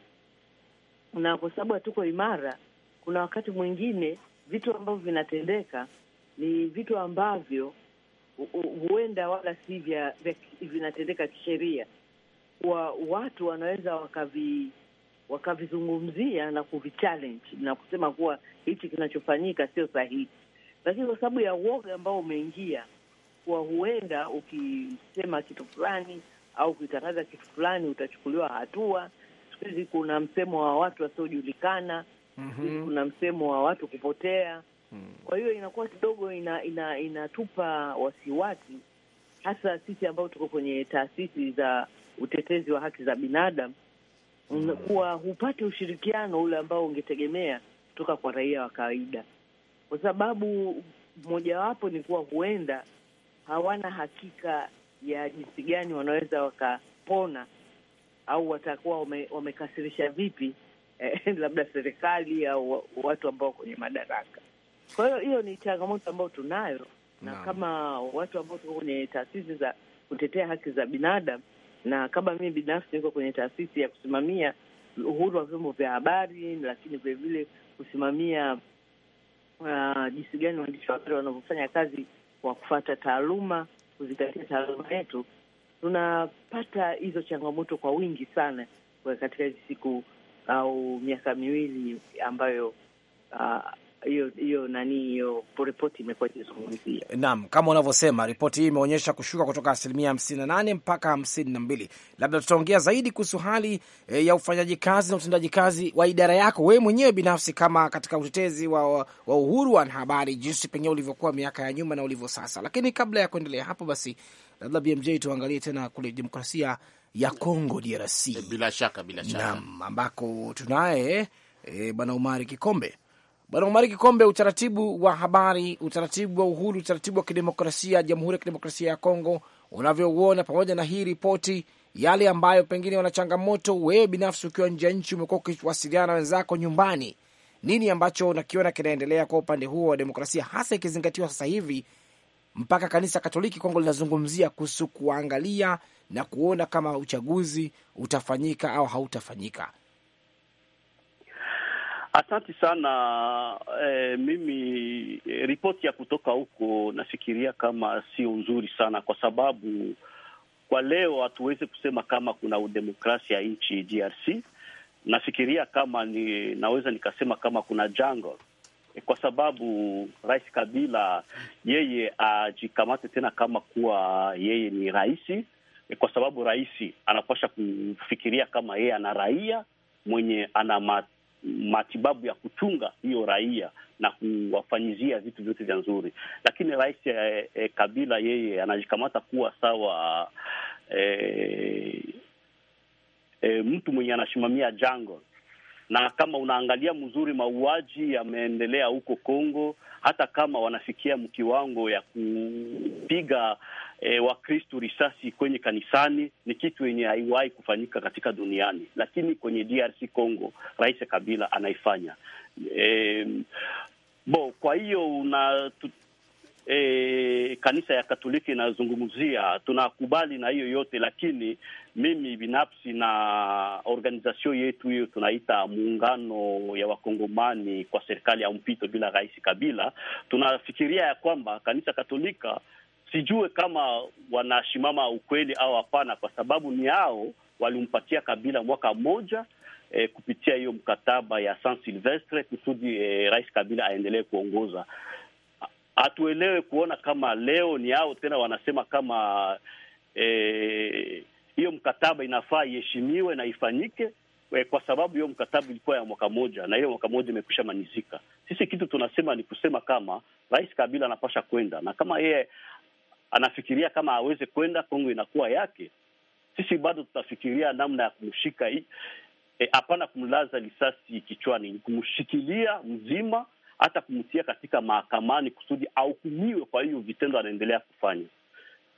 na kwa sababu hatuko imara, kuna wakati mwingine vitu ambavyo vinatendeka ni vitu ambavyo huenda wala si vya vinatendeka kisheria, wa watu wanaweza wakavi wakavizungumzia na kuvichallenge na kusema kuwa hichi kinachofanyika sio sahihi, lakini kwa sababu ya uoga ambao umeingia kuwa huenda ukisema kitu fulani au ukitangaza kitu fulani utachukuliwa hatua. Siku hizi kuna msemo wa watu wasiojulikana, mm -hmm. kuna msemo wa watu kupotea mm -hmm. Kwa hiyo inakuwa kidogo ina, ina, inatupa wasiwasi hasa sisi ambao tuko kwenye taasisi za utetezi wa haki za binadamu mm, kuwa hupate ushirikiano ule ambao ungetegemea kutoka kwa raia wa kawaida, kwa sababu mojawapo ni kuwa huenda hawana hakika ya jinsi gani wanaweza wakapona au watakuwa wame, wamekasirisha vipi eh, (laughs) labda serikali au watu ambao kwenye madaraka. Kwa hiyo hiyo ni changamoto ambayo tunayo na, na kama watu ambao tuko kwenye taasisi za kutetea haki za binadamu na kama mimi binafsi niko kwenye taasisi ya kusimamia uhuru wa vyombo vya habari, lakini vilevile kusimamia uh, jinsi gani waandishi wa habari wanavyofanya kazi kwa kufata taaluma, kuzingatia taaluma yetu, tunapata hizo changamoto kwa wingi sana katika hizi siku au miaka miwili ambayo uh, hiyo hiyo nani hiyo ripoti imekuwa ikizungumzia. Naam, kama unavyosema ripoti hii imeonyesha kushuka kutoka asilimia hamsini na nane mpaka hamsini na mbili. Labda tutaongea zaidi kuhusu hali e, ya ufanyaji kazi na utendaji kazi wa idara yako wewe mwenyewe binafsi, kama katika utetezi wa, wa uhuru wa habari, jinsi pengine ulivyokuwa miaka ya nyuma na ulivyo sasa. Lakini kabla ya kuendelea hapo, basi labda BMJ tuangalie tena kule demokrasia ya Kongo DRC, bila shaka bila shaka, naam, ambako tunaye e, bwana Omari Kikombe Bwana Omari Kikombe, utaratibu wa habari, utaratibu wa uhuru, utaratibu wa kidemokrasia Jamhuri ya Kidemokrasia ya Kongo unavyouona, pamoja na hii ripoti, yale ambayo pengine wana changamoto, wewe binafsi ukiwa nje ya nchi umekuwa ukiwasiliana na wenzako nyumbani, nini ambacho unakiona kinaendelea kwa upande huo wa demokrasia, hasa ikizingatiwa sasa hivi mpaka kanisa Katoliki Kongo linazungumzia kuhusu kuangalia na kuona kama uchaguzi utafanyika au hautafanyika. Asanti sana e, mimi e, ripoti ya kutoka huko nafikiria kama sio nzuri sana, kwa sababu kwa leo hatuwezi kusema kama kuna udemokrasia nchi DRC. Nafikiria kama ni, naweza nikasema kama kuna jungle e, kwa sababu Rais Kabila yeye ajikamate tena kama kuwa yeye ni rais e, kwa sababu rais anapasha kufikiria kama yeye ana raia mwenye ana matibabu ya kuchunga hiyo raia na kuwafanyizia vitu vyote vya nzuri, lakini rais e, e, Kabila yeye anajikamata kuwa sawa e, e, mtu mwenye anasimamia jango na kama unaangalia mzuri, mauaji yameendelea huko Kongo, hata kama wanafikia mkiwango ya kupiga e, Wakristu risasi kwenye kanisani ni kitu yenye haiwahi kufanyika katika duniani, lakini kwenye DRC Congo Rais Kabila anaifanya e, bo kwa hiyo una tu, e, kanisa ya Katoliki inazungumzia, tunakubali na hiyo yote, lakini mimi binafsi na organization yetu hiyo tunaita muungano ya wakongomani kwa serikali ya mpito bila Rais Kabila tunafikiria ya kwamba kanisa Katolika sijue kama wanashimama ukweli au hapana, kwa sababu ni hao walimpatia Kabila mwaka mmoja e, kupitia hiyo mkataba ya San Silvestre kusudi e, Rais Kabila aendelee kuongoza. Hatuelewe kuona kama leo ni hao tena wanasema kama e, hiyo mkataba inafaa iheshimiwe na ifanyike kwa sababu hiyo mkataba ilikuwa ya mwaka moja na hiyo mwaka moja imekwisha manizika. Sisi kitu tunasema ni kusema kama Rais Kabila anapasha kwenda, na kama yeye anafikiria kama aweze kwenda Kongo inakuwa yake, sisi bado tutafikiria namna ya kumshika eh, hapana, e, kumlaza risasi kichwani, ni kumshikilia mzima, hata kumtia katika mahakamani kusudi ahukumiwe kwa hiyo vitendo anaendelea kufanya.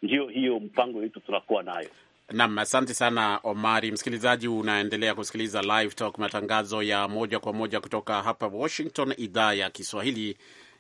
ndio hiyo mpango wetu tunakuwa nayo. Nam, asante sana Omari. Msikilizaji, unaendelea kusikiliza Live Talk, matangazo ya moja kwa moja kutoka hapa Washington, idhaa ya Kiswahili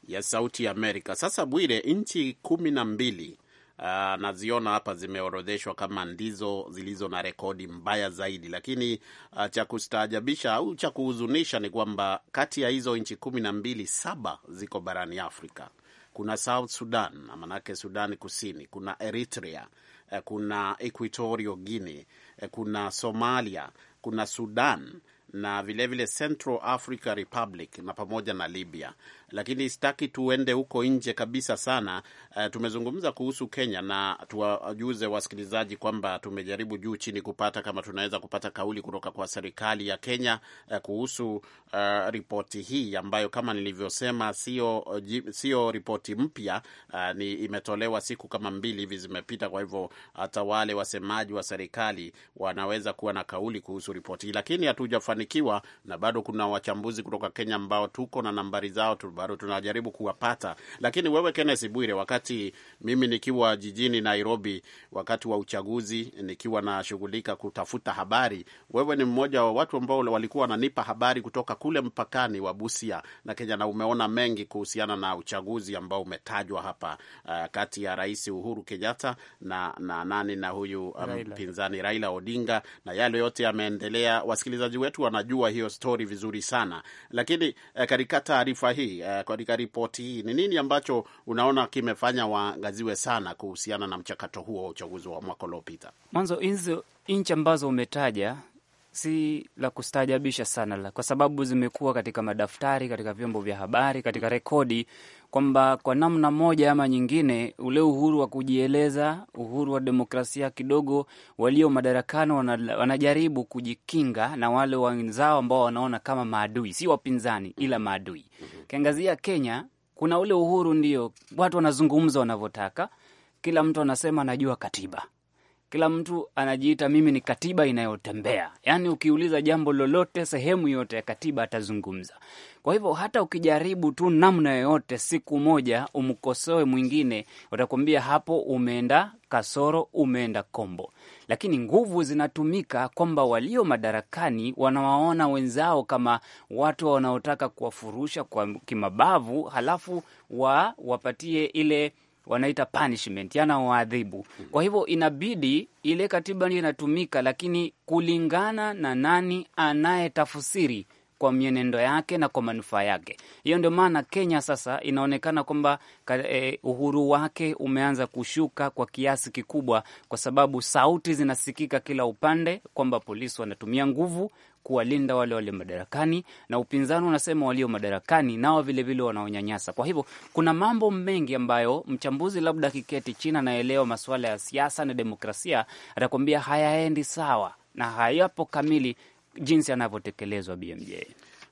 ya Sauti ya Amerika. Sasa Bwire, nchi kumi na mbili uh, naziona hapa zimeorodheshwa kama ndizo zilizo na rekodi mbaya zaidi, lakini uh, cha kustaajabisha au cha kuhuzunisha ni kwamba kati ya hizo nchi kumi na mbili, saba ziko barani Afrika. Kuna South Sudan, manake Sudan Kusini, kuna Eritrea, eh, kuna Equatorio Guinea, eh, kuna Somalia, kuna Sudan na vilevile vile Central Africa Republic na pamoja na Libya lakini sitaki tuende huko nje kabisa sana. Uh, tumezungumza kuhusu Kenya na tuwajuze wasikilizaji kwamba tumejaribu juu chini kupata kama tunaweza kupata kauli kutoka kwa serikali ya Kenya uh, kuhusu uh, ripoti hii ambayo kama nilivyosema sio, uh, sio ripoti mpya uh, ni imetolewa siku kama mbili hivi zimepita. Kwa hivyo hata wale wasemaji wa serikali wanaweza kuwa na kauli kuhusu ripoti hii, lakini hatujafanikiwa na bado kuna wachambuzi kutoka Kenya ambao tuko na nambari zao tu bado tunajaribu kuwapata. Lakini wewe Kenneth Bwire, wakati mimi nikiwa jijini Nairobi wakati wa uchaguzi, nikiwa nashughulika kutafuta habari, wewe ni mmoja wa watu ambao walikuwa wananipa habari kutoka kule mpakani wa Busia na Kenya, na umeona mengi kuhusiana na uchaguzi ambao umetajwa hapa uh, kati ya Rais Uhuru Kenyatta na, na nani na huyu mpinzani um, Raila Odinga, na yale yote yameendelea. Wasikilizaji wetu wanajua hiyo stori vizuri sana, lakini uh, katika taarifa hii uh, katika ripoti hii ni nini ambacho unaona kimefanya waangaziwe sana kuhusiana na mchakato huo wa uchaguzi wa mwaka uliopita? Mwanzo, hizo nchi ambazo umetaja si la kustaajabisha sana la, kwa sababu zimekuwa katika madaftari, katika vyombo vya habari, katika rekodi kwamba kwa namna moja ama nyingine ule uhuru wa kujieleza, uhuru wa demokrasia kidogo, walio madarakani wana, wanajaribu kujikinga na wale wenzao ambao wanaona kama maadui, si wapinzani ila maadui. Kiangazia Kenya kuna ule uhuru, ndio watu wanazungumza wanavyotaka, kila mtu anasema anajua katiba kila mtu anajiita mimi ni katiba inayotembea. Yaani ukiuliza jambo lolote, sehemu yote ya katiba atazungumza. Kwa hivyo hata ukijaribu tu namna yoyote, siku moja umkosoe mwingine, watakuambia hapo umeenda kasoro, umeenda kombo. Lakini nguvu zinatumika kwamba walio madarakani wanawaona wenzao kama watu wanaotaka kuwafurusha kwa kimabavu, halafu wa wapatie ile wanaita punishment, yana waadhibu. Kwa hivyo inabidi ile katiba ndio inatumika, lakini kulingana na nani anayetafsiri kwa mienendo yake na kwa manufaa yake. Hiyo ndio maana Kenya sasa inaonekana kwamba eh, uhuru wake umeanza kushuka kwa kiasi kikubwa, kwa sababu sauti zinasikika kila upande kwamba polisi wanatumia nguvu, kuwalinda wale walio madarakani, na upinzani unasema walio madarakani nao vilevile wanaonyanyasa. Kwa hivyo kuna mambo mengi ambayo mchambuzi labda akiketi china anaelewa masuala ya siasa na demokrasia atakwambia hayaendi sawa na hayapo kamili jinsi anavyotekelezwa BMJ.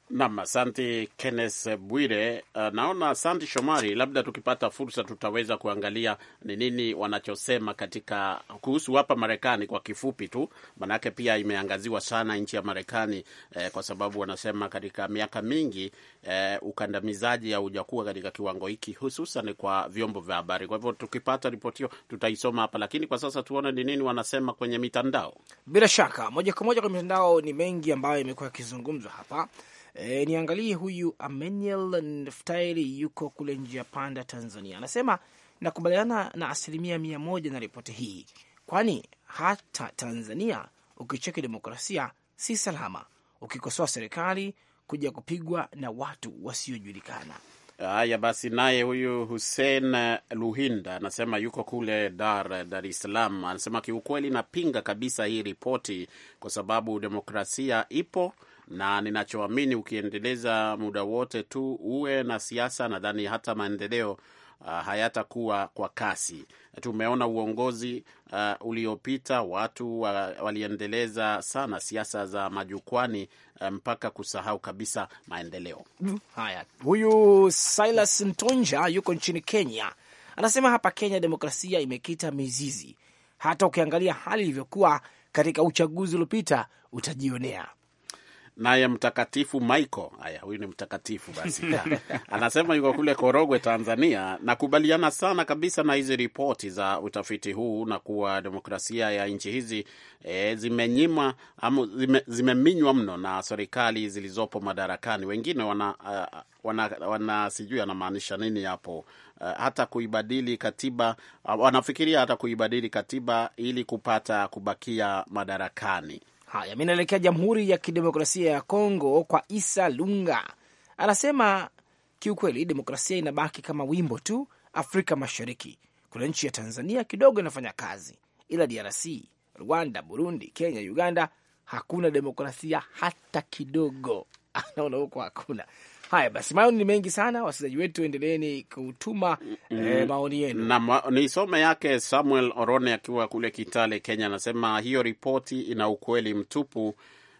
Nam, asante kennes Bwire. Uh, naona asante Shomari, labda tukipata fursa tutaweza kuangalia ni nini wanachosema katika kuhusu hapa Marekani kwa kifupi tu, manake pia imeangaziwa sana nchi ya Marekani eh, kwa sababu wanasema katika miaka mingi eh, ukandamizaji haujakuwa katika kiwango hiki, hususan kwa vyombo vya habari. Kwa hivyo tukipata ripoti hiyo tutaisoma hapa, lakini kwa sasa tuone ni nini wanasema kwenye mitandao. Bila shaka moja kwa moja kwenye mitandao, ni mengi ambayo imekuwa yakizungumzwa hapa E, niangalie huyu amaniel Neftairi yuko kule njia panda Tanzania, anasema nakubaliana na asilimia mia moja na ripoti hii, kwani hata Tanzania ukicheki demokrasia si salama, ukikosoa serikali kuja kupigwa na watu wasiojulikana. Haya basi, naye huyu Hussein Luhinda anasema yuko kule Dar, Dar es Salaam, anasema kiukweli, napinga kabisa hii ripoti kwa sababu demokrasia ipo na ninachoamini, ukiendeleza muda wote tu uwe na siasa, nadhani hata maendeleo uh, hayatakuwa kwa kasi. Tumeona uongozi uh, uliopita watu uh, waliendeleza sana siasa za majukwani ah, mpaka um, kusahau kabisa maendeleo Haya, huyu Silas Ntonja yuko nchini Kenya, anasema hapa Kenya demokrasia imekita mizizi. Hata ukiangalia hali ilivyokuwa katika uchaguzi uliopita utajionea naye Mtakatifu Michael. Haya, huyu ni mtakatifu basi. (laughs) Anasema yuko kule Korogwe, Tanzania. Nakubaliana sana kabisa na hizi ripoti za utafiti huu na kuwa demokrasia ya nchi hizi e, zimenyimwa zime, zimeminywa mno na serikali zilizopo madarakani. Wengine wana, uh, wana, wana sijui anamaanisha nini hapo uh, hata kuibadili katiba uh, wanafikiria hata kuibadili katiba ili kupata kubakia madarakani. Haya, mi naelekea Jamhuri ya Kidemokrasia ya Kongo kwa Isa Lunga, anasema kiukweli demokrasia inabaki kama wimbo tu. Afrika Mashariki kuna nchi ya Tanzania kidogo inafanya kazi, ila DRC, Rwanda, Burundi, Kenya, Uganda hakuna demokrasia hata kidogo. (laughs) Anaona huko hakuna. Haya basi, maoni ni mengi sana, wasikilizaji wetu, endeleeni kutuma e, maoni yenu. Na nisome yake Samuel Orone akiwa kule Kitale, Kenya, anasema hiyo ripoti ina ukweli mtupu.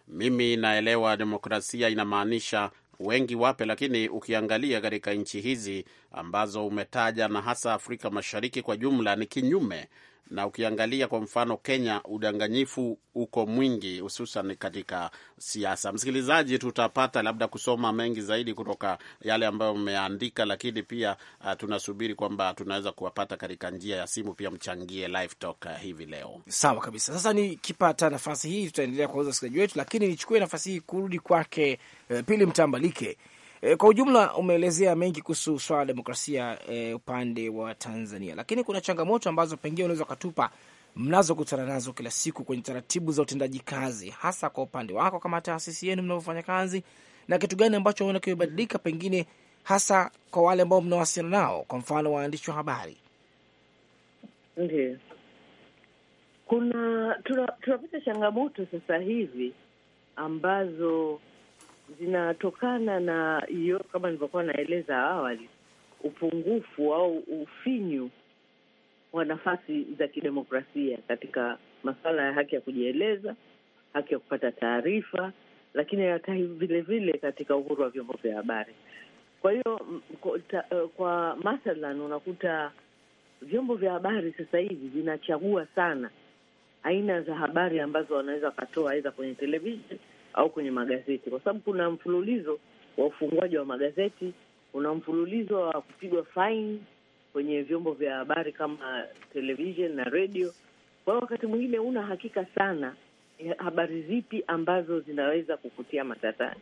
Mimi naelewa demokrasia inamaanisha wengi wape, lakini ukiangalia katika nchi hizi ambazo umetaja na hasa Afrika Mashariki kwa jumla ni kinyume na ukiangalia kwa mfano Kenya, udanganyifu uko mwingi, hususan katika siasa. Msikilizaji, tutapata labda kusoma mengi zaidi kutoka yale ambayo mmeandika, lakini pia uh, tunasubiri kwamba tunaweza kuwapata katika njia ya simu, pia mchangie live talk uh, hivi leo. Sawa kabisa. Sasa nikipata nafasi hii tutaendelea kuuza wasikilizaji wetu, lakini nichukue nafasi hii kurudi kwake uh, Pili Mtambalike. E, kwa ujumla umeelezea mengi kuhusu swala la demokrasia e, upande wa Tanzania, lakini kuna changamoto ambazo pengine unaweza ukatupa mnazokutana nazo kila siku kwenye taratibu za utendaji kazi, hasa kwa upande wako kama taasisi yenu mnavyofanya kazi, na kitu gani ambacho unaona kimebadilika pengine hasa kwa wale ambao mnawasiliana nao, kwa mfano waandishi wa habari? Ndiyo, kuna tunapata changamoto sasa hivi ambazo zinatokana na hiyo, kama nilivyokuwa naeleza awali, upungufu au ufinyu wa nafasi za kidemokrasia katika masuala ya haki ya kujieleza, haki ya kupata taarifa, lakini hata vilevile katika uhuru wa vyombo vya habari. Kwa hiyo eh, kwa mathalan, unakuta vyombo vya habari sasa hivi vinachagua sana aina za habari ambazo wanaweza wakatoa aidha kwenye televisheni au kwenye magazeti, kwa sababu kuna mfululizo wa ufunguaji wa magazeti, kuna mfululizo wa kupigwa faini kwenye vyombo vya habari kama television na redio. Kwa hiyo wakati mwingine una hakika sana habari zipi ambazo zinaweza kukutia matatani,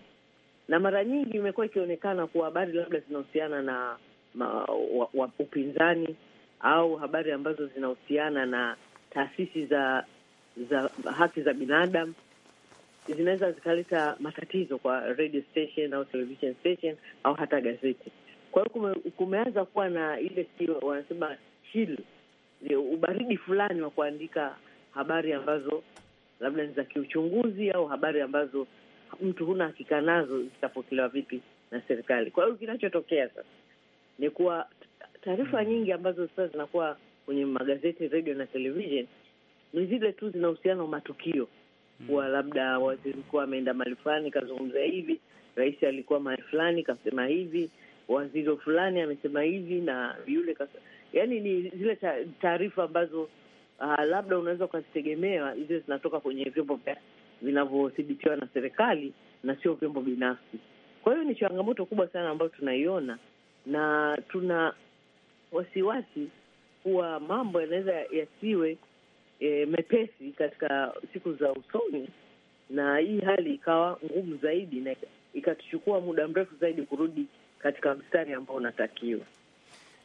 na mara nyingi imekuwa ikionekana kuwa habari labda zinahusiana na ma, wa, wa, upinzani au habari ambazo zinahusiana na taasisi za za haki za binadamu zinaweza zikaleta matatizo kwa radio station au television station au hata gazeti. Kwa hiyo kume, kumeanza kuwa na ile sio wanasema chill, ubaridi fulani wa kuandika habari ambazo labda ni za kiuchunguzi au habari ambazo mtu huna hakika nazo zitapokelewa vipi na serikali. Kwa hiyo kinachotokea sasa ni kuwa taarifa mm. nyingi ambazo sasa zinakuwa kwenye magazeti, redio na television ni zile tu zinahusiana na matukio kuwa labda waziri mkuu ameenda mahali fulani kazungumza hivi, rais alikuwa mahali fulani kasema hivi, waziri fulani amesema hivi na yule kasa... Yani ni zile taarifa ambazo uh, labda unaweza ukazitegemea hizo zinatoka kwenye vyombo vya vinavyothibitiwa na serikali na sio vyombo binafsi. Kwa hiyo ni changamoto kubwa sana ambayo tunaiona na tuna wasiwasi kuwa mambo yanaweza yasiwe e, mepesi katika siku za usoni, na hii hali ikawa ngumu zaidi na ikatuchukua muda mrefu zaidi kurudi katika mstari ambao unatakiwa.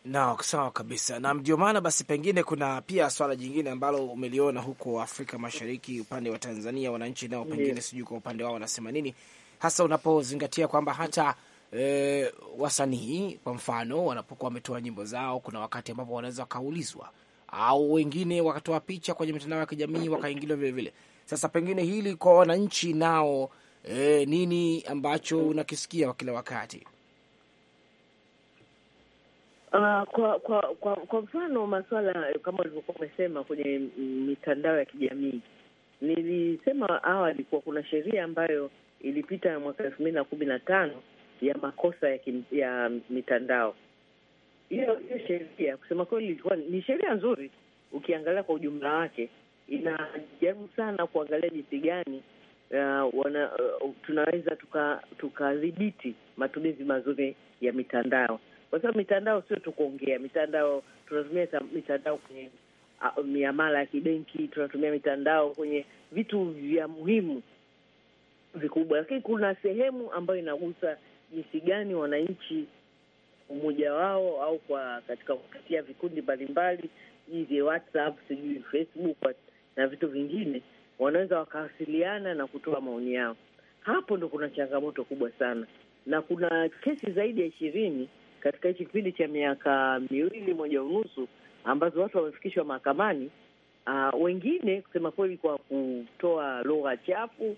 na sawa kabisa. Na ndio maana basi, pengine kuna pia swala jingine ambalo umeliona huko Afrika Mashariki, upande wa Tanzania, wananchi nao pengine yeah, sijui kwa upande wao wanasema nini hasa, unapozingatia kwamba hata e, wasanii kwa mfano wanapokuwa wametoa nyimbo zao, kuna wakati ambapo wanaweza wakaulizwa au wengine wakatoa picha kwenye mitandao ya kijamii wakaingiliwa vilevile. Sasa pengine hili kwa wananchi nao e, nini ambacho unakisikia kwa kila wakati? Uh, kwa kwa kwa kwa mfano masuala kama ulivyokuwa umesema kwenye mitandao ya kijamii, nilisema awali kuwa kuna sheria ambayo ilipita mwaka elfu mbili na kumi na tano ya makosa ya, kim, ya mitandao hiyo hiyo sheria kusema kweli ilikuwa ni sheria nzuri, ukiangalia kwa ujumla wake inajaribu sana kuangalia jinsi gani uh, wana, uh, tunaweza tukadhibiti tuka matumizi mazuri ya mitandao, kwa sababu mitandao sio tu kuongea. Mitandao tunatumia mitandao kwenye uh, miamala ya kibenki, tunatumia mitandao kwenye vitu vya muhimu vikubwa, lakini kuna sehemu ambayo inagusa jinsi gani wananchi umoja wao au kwa katika kupitia vikundi mbalimbali hivi WhatsApp, sijui Facebook na vitu vingine, wanaweza wakawasiliana na kutoa maoni yao. Hapo ndo kuna changamoto kubwa sana, na kuna kesi zaidi ya ishirini katika hichi kipindi cha miaka miwili moja unusu ambazo watu wamefikishwa mahakamani, uh, wengine kusema kweli kwa kutoa lugha chafu,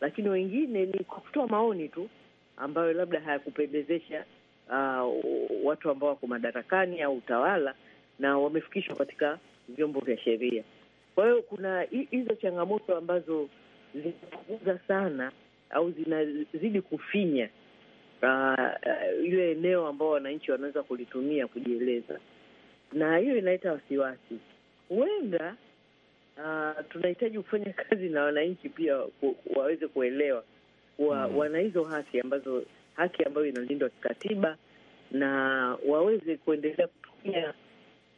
lakini wengine ni kwa kutoa maoni tu ambayo labda hayakupendezesha uh, watu ambao wako madarakani au utawala na wamefikishwa katika vyombo vya sheria. Kwa hiyo kuna hizo changamoto ambazo zinapunguza sana au zinazidi kufinya uh, uh, ile uh, eneo ambao wananchi wanaweza kulitumia kujieleza, na hiyo inaleta wasiwasi. Huenda uh, tunahitaji kufanya kazi na wananchi pia ku, waweze kuelewa kuwa mm, wana hizo haki ambazo haki ambayo inalindwa kikatiba, na waweze kuendelea kutumia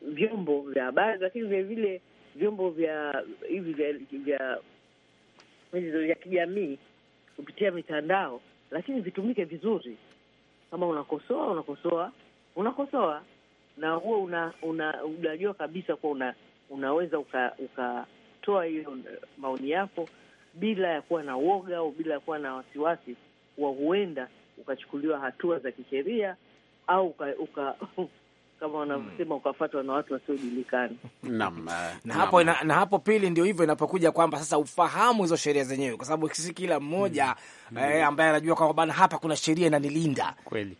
vyombo vya habari, lakini vilevile vyombo vya hivi vya vya kijamii kupitia mitandao, lakini vitumike vizuri. Kama unakosoa unakosoa unakosoa, na huo una, una, unajua kabisa kuwa una, unaweza ukatoa uka hiyo maoni yako bila ya kuwa na uoga au bila ya kuwa na wasiwasi wa huenda ukachukuliwa hatua za kisheria au uka, uka (laughs) kama wanavyosema ukafatwa na watu wasiojulikana. Naam, eh, na hapo na hapo pili ndio hivyo inapokuja kwamba sasa ufahamu hizo sheria zenyewe, kwa sababu si kila mmoja mm. eh, ambaye anajua kwamba bana, hapa kuna sheria inanilinda kweli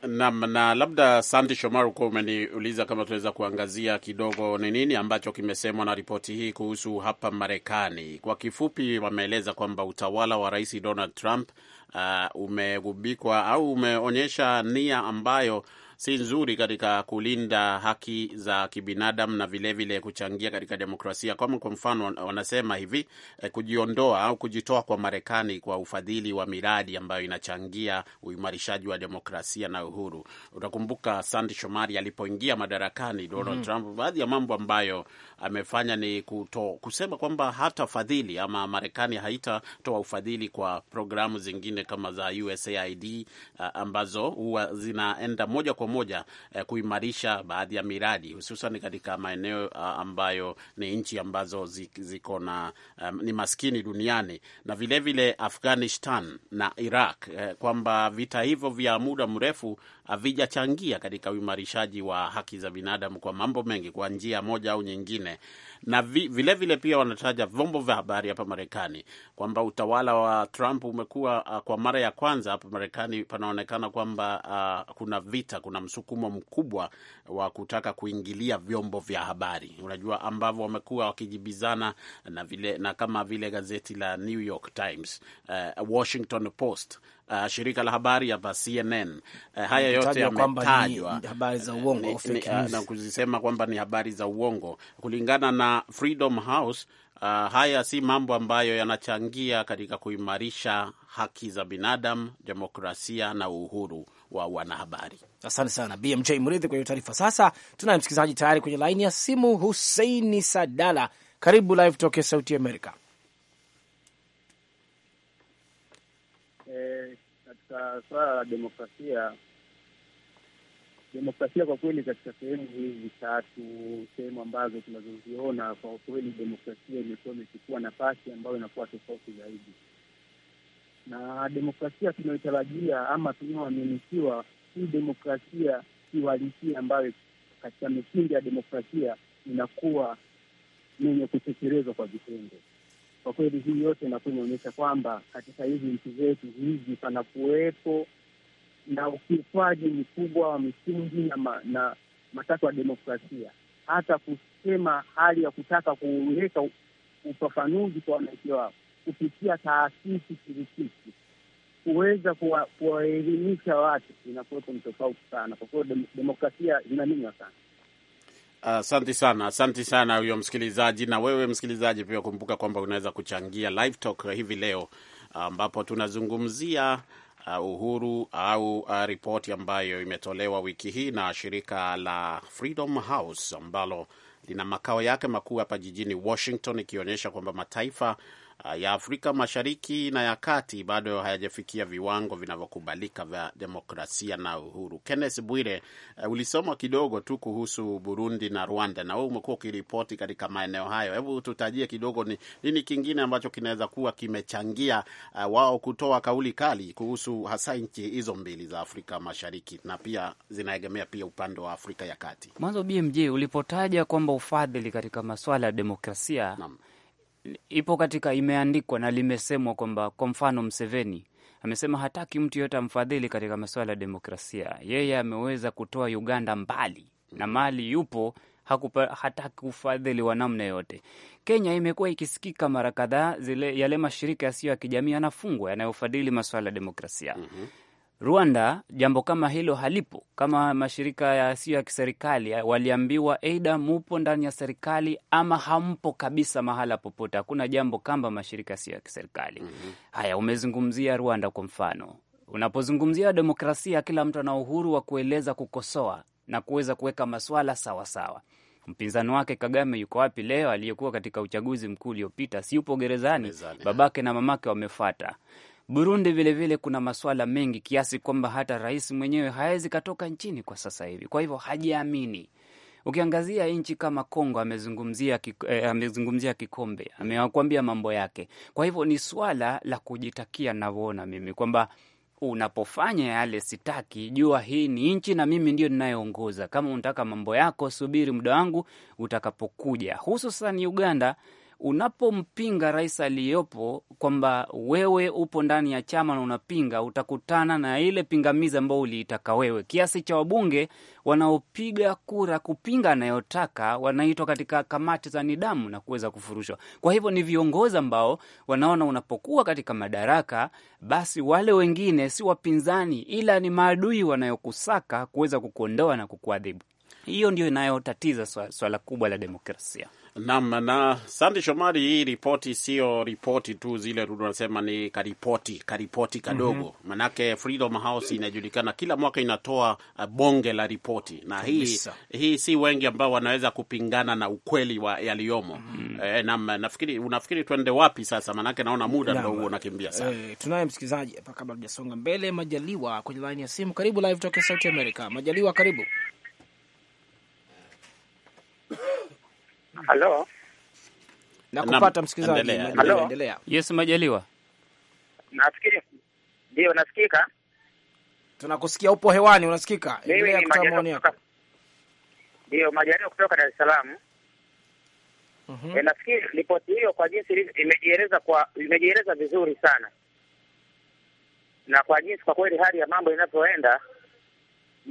Naam, na labda Santi shomar kuwa umeniuliza kama tunaweza kuangazia kidogo ni nini ambacho kimesemwa na ripoti hii kuhusu hapa Marekani. Kwa kifupi, wameeleza kwamba utawala wa Rais Donald Trump uh, umegubikwa au umeonyesha nia ambayo si nzuri katika kulinda haki za kibinadamu na vilevile vile kuchangia katika demokrasia. Kama kwa mfano wanasema hivi eh, kujiondoa au kujitoa kwa Marekani kwa ufadhili wa miradi ambayo inachangia uimarishaji wa demokrasia na uhuru. Utakumbuka Sandi Shomari alipoingia madarakani Donald mm -hmm. Trump, baadhi ya mambo ambayo amefanya ni kuto, kusema kwamba hata fadhili ama Marekani haitatoa ufadhili kwa programu zingine kama za USAID eh, ambazo huwa zinaenda moja kwa pamoja eh, kuimarisha baadhi ya miradi hususan katika maeneo ambayo ni nchi ambazo ziko na um, ni maskini duniani na vilevile vile Afghanistan na Iraq eh, kwamba vita hivyo vya muda mrefu havijachangia katika uimarishaji wa haki za binadamu kwa mambo mengi, kwa njia moja au nyingine. Na vilevile vile pia wanataja vyombo vya habari hapa Marekani kwamba utawala wa Trump umekuwa uh, kwa mara ya kwanza hapa Marekani panaonekana kwamba uh, kuna vita, kuna msukumo mkubwa wa kutaka kuingilia vyombo vya habari, unajua ambavyo wamekuwa wakijibizana na vile, na kama vile gazeti la New York Times, uh, Washington Post uh, shirika la habari hapa CNN. Uh, haya yote yametajwa uh, uh, na kuzisema kwamba ni habari za uongo kulingana na Freedom House. Uh, haya si mambo ambayo yanachangia katika kuimarisha haki za binadamu, demokrasia na uhuru wa wanahabari. Asante sana BMJ Mridhi kwa hiyo taarifa. Sasa tunaye msikilizaji tayari kwenye laini ya simu, Huseini Sadala, karibu Live Toke Sauti Amerika. katika suala la demokrasia, demokrasia kwa kweli katika sehemu hizi tatu, sehemu ambazo tunazoziona, kwa kweli demokrasia imekuwa imechukua nafasi ambayo inakuwa tofauti zaidi na demokrasia tunayotarajia ama tunayoaminikiwa, hii demokrasia kiuhalisia ambayo katika misingi ya demokrasia inakuwa yenye kutekelezwa kwa vitendo. Kwa kweli hii yote inakuwa inaonyesha kwamba katika hizi nchi zetu hizi panakuwepo na ukiukwaji mkubwa wa misingi na, ma, na matakwa ya demokrasia. Hata kusema hali ya kutaka kuweka ufafanuzi kwa wananchi wao kupitia taasisi shirikishi kuweza kuwaelimisha watu inakuwepo ni tofauti sana. Kwa kweli demokrasia zinaminywa sana. Asante uh, sana, asante sana huyo msikilizaji. Na wewe msikilizaji pia kumbuka kwamba unaweza kuchangia live talk hivi leo ambapo uh, tunazungumzia uh, uhuru au uh, ripoti ambayo imetolewa wiki hii na shirika la Freedom House ambalo lina makao yake makuu hapa jijini Washington, ikionyesha kwamba mataifa Ah, ya Afrika Mashariki na ya Kati bado hayajafikia viwango vinavyokubalika vya demokrasia na uhuru. Kenneth Bwire, uh, ulisoma kidogo tu kuhusu Burundi na Rwanda, na wewe umekuwa ukiripoti katika maeneo hayo. Hebu tutajie kidogo ni nini kingine ambacho kinaweza kuwa kimechangia uh, wao kutoa kauli kali kuhusu hasa nchi hizo mbili za Afrika Mashariki na pia zinaegemea pia upande wa Afrika ya Kati. Mwanzo BMJ ulipotaja kwamba ufadhili katika masuala ya demokrasia Nam ipo katika, imeandikwa na limesemwa kwamba, kwa mfano Mseveni amesema hataki mtu yoyote amfadhili katika masuala ya demokrasia. Yeye ameweza kutoa Uganda mbali na mali yupo hakupa, hataki ufadhili wa namna yote. Kenya imekuwa ikisikika mara kadhaa, yale mashirika yasiyo ya kijamii yanafungwa yanayofadhili masuala ya demokrasia mm -hmm. Rwanda jambo kama hilo halipo. Kama mashirika yasiyo ya kiserikali waliambiwa, eida mupo ndani ya serikali ama hampo kabisa mahala popote. Hakuna jambo kama mashirika yasiyo ya kiserikali mm -hmm. Haya, umezungumzia Rwanda kwa mfano. Unapozungumzia demokrasia, kila mtu ana uhuru wa kueleza, kukosoa na kuweza kuweka maswala sawasawa sawa. Mpinzani wake Kagame yuko wapi leo? Aliyekuwa katika uchaguzi mkuu uliopita, Siupo gerezani? Babake na mamake wamefuata Burundi vilevile vile kuna maswala mengi kiasi kwamba hata rais mwenyewe hawezi katoka nchini kwa sasa hivi, kwa hivyo hajiamini. Ukiangazia nchi kama Kongo amezungumzia eh, amezungumzia kikombe, amewakwambia mambo yake. Kwa hivyo ni swala la kujitakia, navyoona mimi kwamba unapofanya yale sitaki, jua hii ni nchi na mimi ndio ninayeongoza. Kama unataka mambo yako, subiri muda wangu utakapokuja. Hususan Uganda unapompinga rais aliyopo kwamba wewe upo ndani ya chama na unapinga, utakutana na ile pingamizi ambayo uliitaka wewe. Kiasi cha wabunge wanaopiga kura kupinga anayotaka wanaitwa katika kamati za nidhamu na kuweza kufurushwa. Kwa hivyo ni viongozi ambao wanaona unapokuwa katika madaraka, basi wale wengine si wapinzani, ila ni maadui wanayokusaka kuweza kukuondoa na kukuadhibu. Hiyo ndio inayotatiza swala kubwa la demokrasia. Nam na Sandi Shomari, hii ripoti sio ripoti tu zile tunasema ni karipoti karipoti kadogo maanake mm -hmm. Manake Freedom House inajulikana kila mwaka inatoa uh, bonge la ripoti na hii, hii si wengi ambao wanaweza kupingana na ukweli wa yaliyomo mm -hmm. E, eh, nam nafikiri, unafikiri tuende wapi sasa? Maanake naona muda ndo huo unakimbia sana. E, tunaye msikilizaji hapa kabla hujasonga mbele, Majaliwa kwenye laini ya simu. Karibu live toke Sauti Amerika. Majaliwa, karibu Halo, kupata msikilizaji. Endelea. Yes, Majaliwa, nafikiri ndio nasikika. Tunakusikia, upo hewani, unasikika. Endelea kutoa maoni yako. Ndio, Majaliwa kutoka Dar es Salaam. Mm-hmm. E, nafikiri ripoti hiyo kwa jinsi imejieleza kwa imejieleza vizuri sana na kwa jinsi kwa kweli hali ya mambo inavyoenda,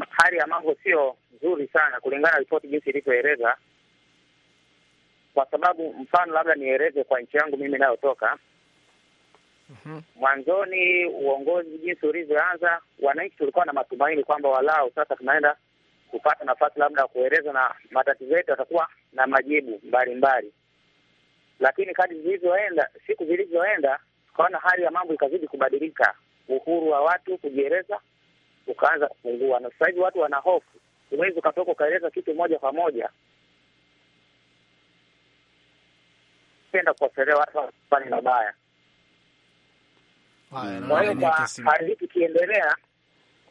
hali ya mambo sio nzuri sana kulingana na ripoti jinsi ilivyoeleza kwa sababu mfano labda nieleze kwa nchi yangu mimi inayotoka mm-hmm. Mwanzoni uongozi jinsi ulivyoanza, wananchi tulikuwa na matumaini kwamba walau sasa tunaenda kupata nafasi labda ya kueleza na matatizo yetu yatakuwa na majibu mbalimbali, lakini kadri zilivyoenda siku zilivyoenda, tukaona hali ya mambo ikazidi kubadilika, uhuru wa watu kujieleza ukaanza kupungua, na sasa hivi watu wana hofu, huwezi ukatoka ukaeleza kitu moja kwa moja kupenda kuwasaidia watu wasifanye mabaya. Mm. Kwa hiyo kwa hali hii tukiendelea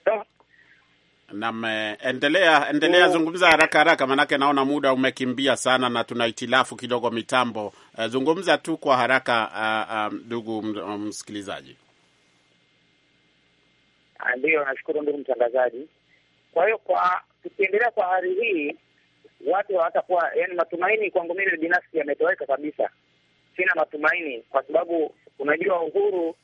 eh, endelea endelea, mm. zungumza haraka haraka, maanake naona muda umekimbia sana na tuna hitilafu kidogo mitambo. Eh, zungumza tu kwa haraka, ah, ah, ndugu msikilizaji. Ah, Ndiyo, nashukuru ndugu mtangazaji. Kwa hiyo kwa tukiendelea kwa hali hii, watu hawatakuwa, yani matumaini kwangu mimi binafsi yametoweka kabisa, sina matumaini, kwa sababu unajua uhuru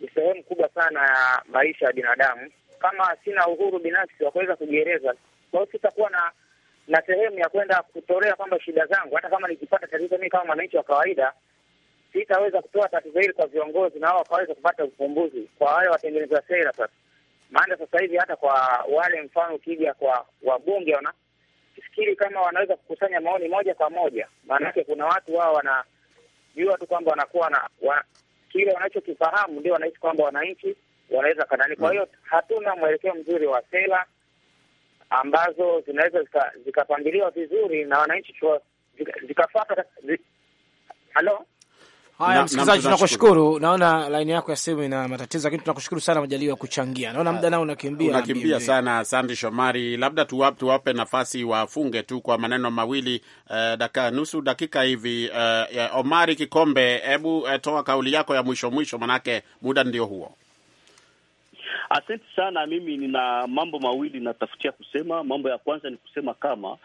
ni sehemu kubwa sana ya maisha ya binadamu. Kama sina uhuru binafsi wa kuweza kujieleza, kwa hiyo sitakuwa na na sehemu ya kwenda kutolea kwamba shida zangu. Hata kama nikipata tatizo mimi kama mwananchi wa kawaida, sitaweza kutoa tatizo hili kwa viongozi na wao wakaweza kupata ufumbuzi kwa wale watengeneza sera. Sasa maana sasa hivi hata kwa wale mfano ukija kwa wabunge, wana sifikiri kama wanaweza kukusanya maoni moja kwa moja, maanake kuna watu wao wana jua tu kwamba wanakuwa na wa, kile wanachokifahamu ndio wanahisi kwamba wananchi wanaweza kanani. Kwa hiyo mm. hatuna mwelekeo mzuri wa sera ambazo zinaweza zikapangiliwa zika vizuri na wananchi zikafata zika, zika, zika, zika, zika, Haya, msikilizaji, tunakushukuru. Naona laini yako ya simu ina matatizo, lakini tunakushukuru sana Majaliwa kuchangia. Naona muda nao unakimbia, unakimbia sana. Asante Shomari, labda tuwape, tuwape nafasi wafunge tu kwa maneno mawili uh, daka, nusu dakika hivi uh, Omari Kikombe, hebu uh, toa kauli yako ya mwisho mwisho, manake muda ndio huo. Asante sana. Mimi nina mambo mawili natafutia kusema. Mambo ya kwanza ni kusema kama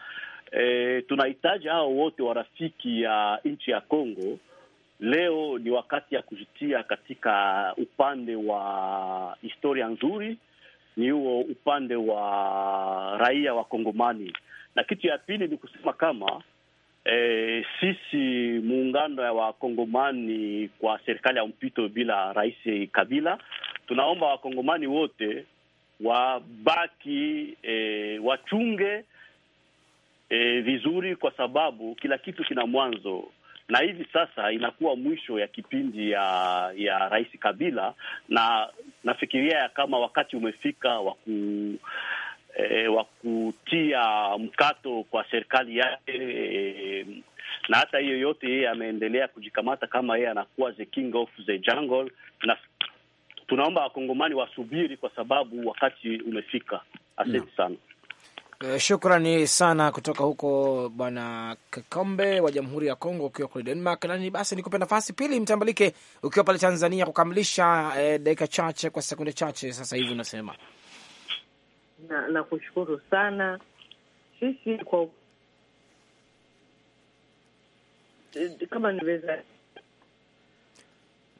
eh, tunahitaji hao wote warafiki ya nchi ya congo Leo ni wakati ya kujitia katika upande wa historia nzuri, ni huo upande wa raia wa Kongomani. Na kitu ya pili ni kusema kama e, sisi muungano ya Wakongomani kwa serikali ya mpito bila Rais Kabila, tunaomba Wakongomani wote wabaki e, wachunge e, vizuri, kwa sababu kila kitu kina mwanzo na hivi sasa inakuwa mwisho ya kipindi ya ya Rais Kabila, na nafikiria ya kama wakati umefika wa ku E, wa kutia mkato kwa serikali yake e, na hata hiyo yote yeye ameendelea kujikamata kama yeye anakuwa the king of the jungle, na tunaomba wakongomani wasubiri kwa sababu wakati umefika. Asante sana. Eh, shukrani sana kutoka huko Bwana Kakombe wa Jamhuri ya Kongo ukiwa kule Denmark. Nani basi nikupe nafasi pili Mtambalike ukiwa pale Tanzania kukamilisha e, dakika chache kwa sekunde chache sasa hivi unasema. Na nakushukuru sana sisi kwa kama niweza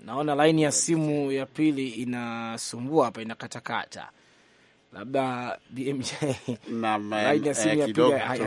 naona laini ya simu ya pili inasumbua hapa inakatakata labda (laughs) eh,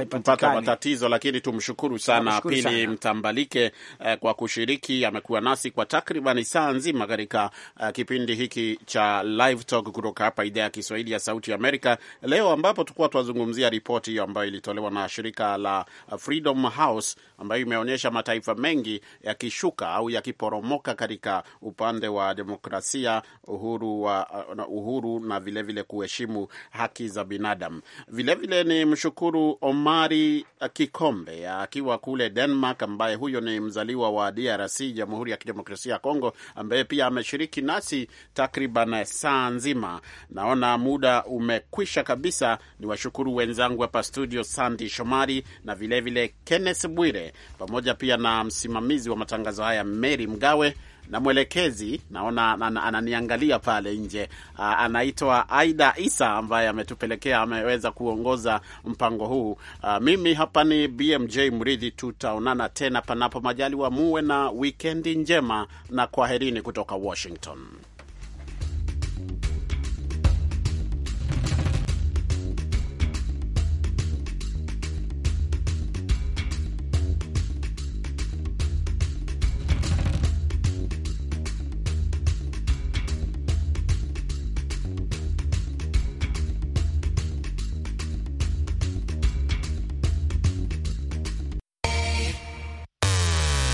tupata matatizo, lakini tumshukuru sana Pili Mtambalike eh, kwa kushiriki. Amekuwa nasi kwa takriban saa nzima katika eh, kipindi hiki cha Live Talk kutoka hapa idhaa ya Kiswahili ya Sauti Amerika leo, ambapo tukuwa tunazungumzia ripoti hiyo ambayo ilitolewa na shirika la Freedom House ambayo imeonyesha mataifa mengi yakishuka au yakiporomoka katika upande wa demokrasia, uhuru, wa, uhuru na vilevile kuheshimu kuheshimu haki za binadamu. Vilevile ni mshukuru Omari Kikombe akiwa kule Denmark, ambaye huyo ni mzaliwa wa DRC, Jamhuri ya Kidemokrasia ya Kongo, ambaye pia ameshiriki nasi takriban saa nzima. Naona muda umekwisha kabisa. Ni washukuru wenzangu hapa studio, Sandi Shomari na vilevile Kenneth Bwire, pamoja pia na msimamizi wa matangazo haya Mary Mgawe na mwelekezi naona ananiangalia pale nje. Ah, anaitwa Aida Isa ambaye ametupelekea ameweza kuongoza mpango huu. Aa, ah, mimi hapa ni BMJ Mridhi, tutaonana tena panapo majaliwa. Muwe na wikendi njema na kwaherini kutoka Washington.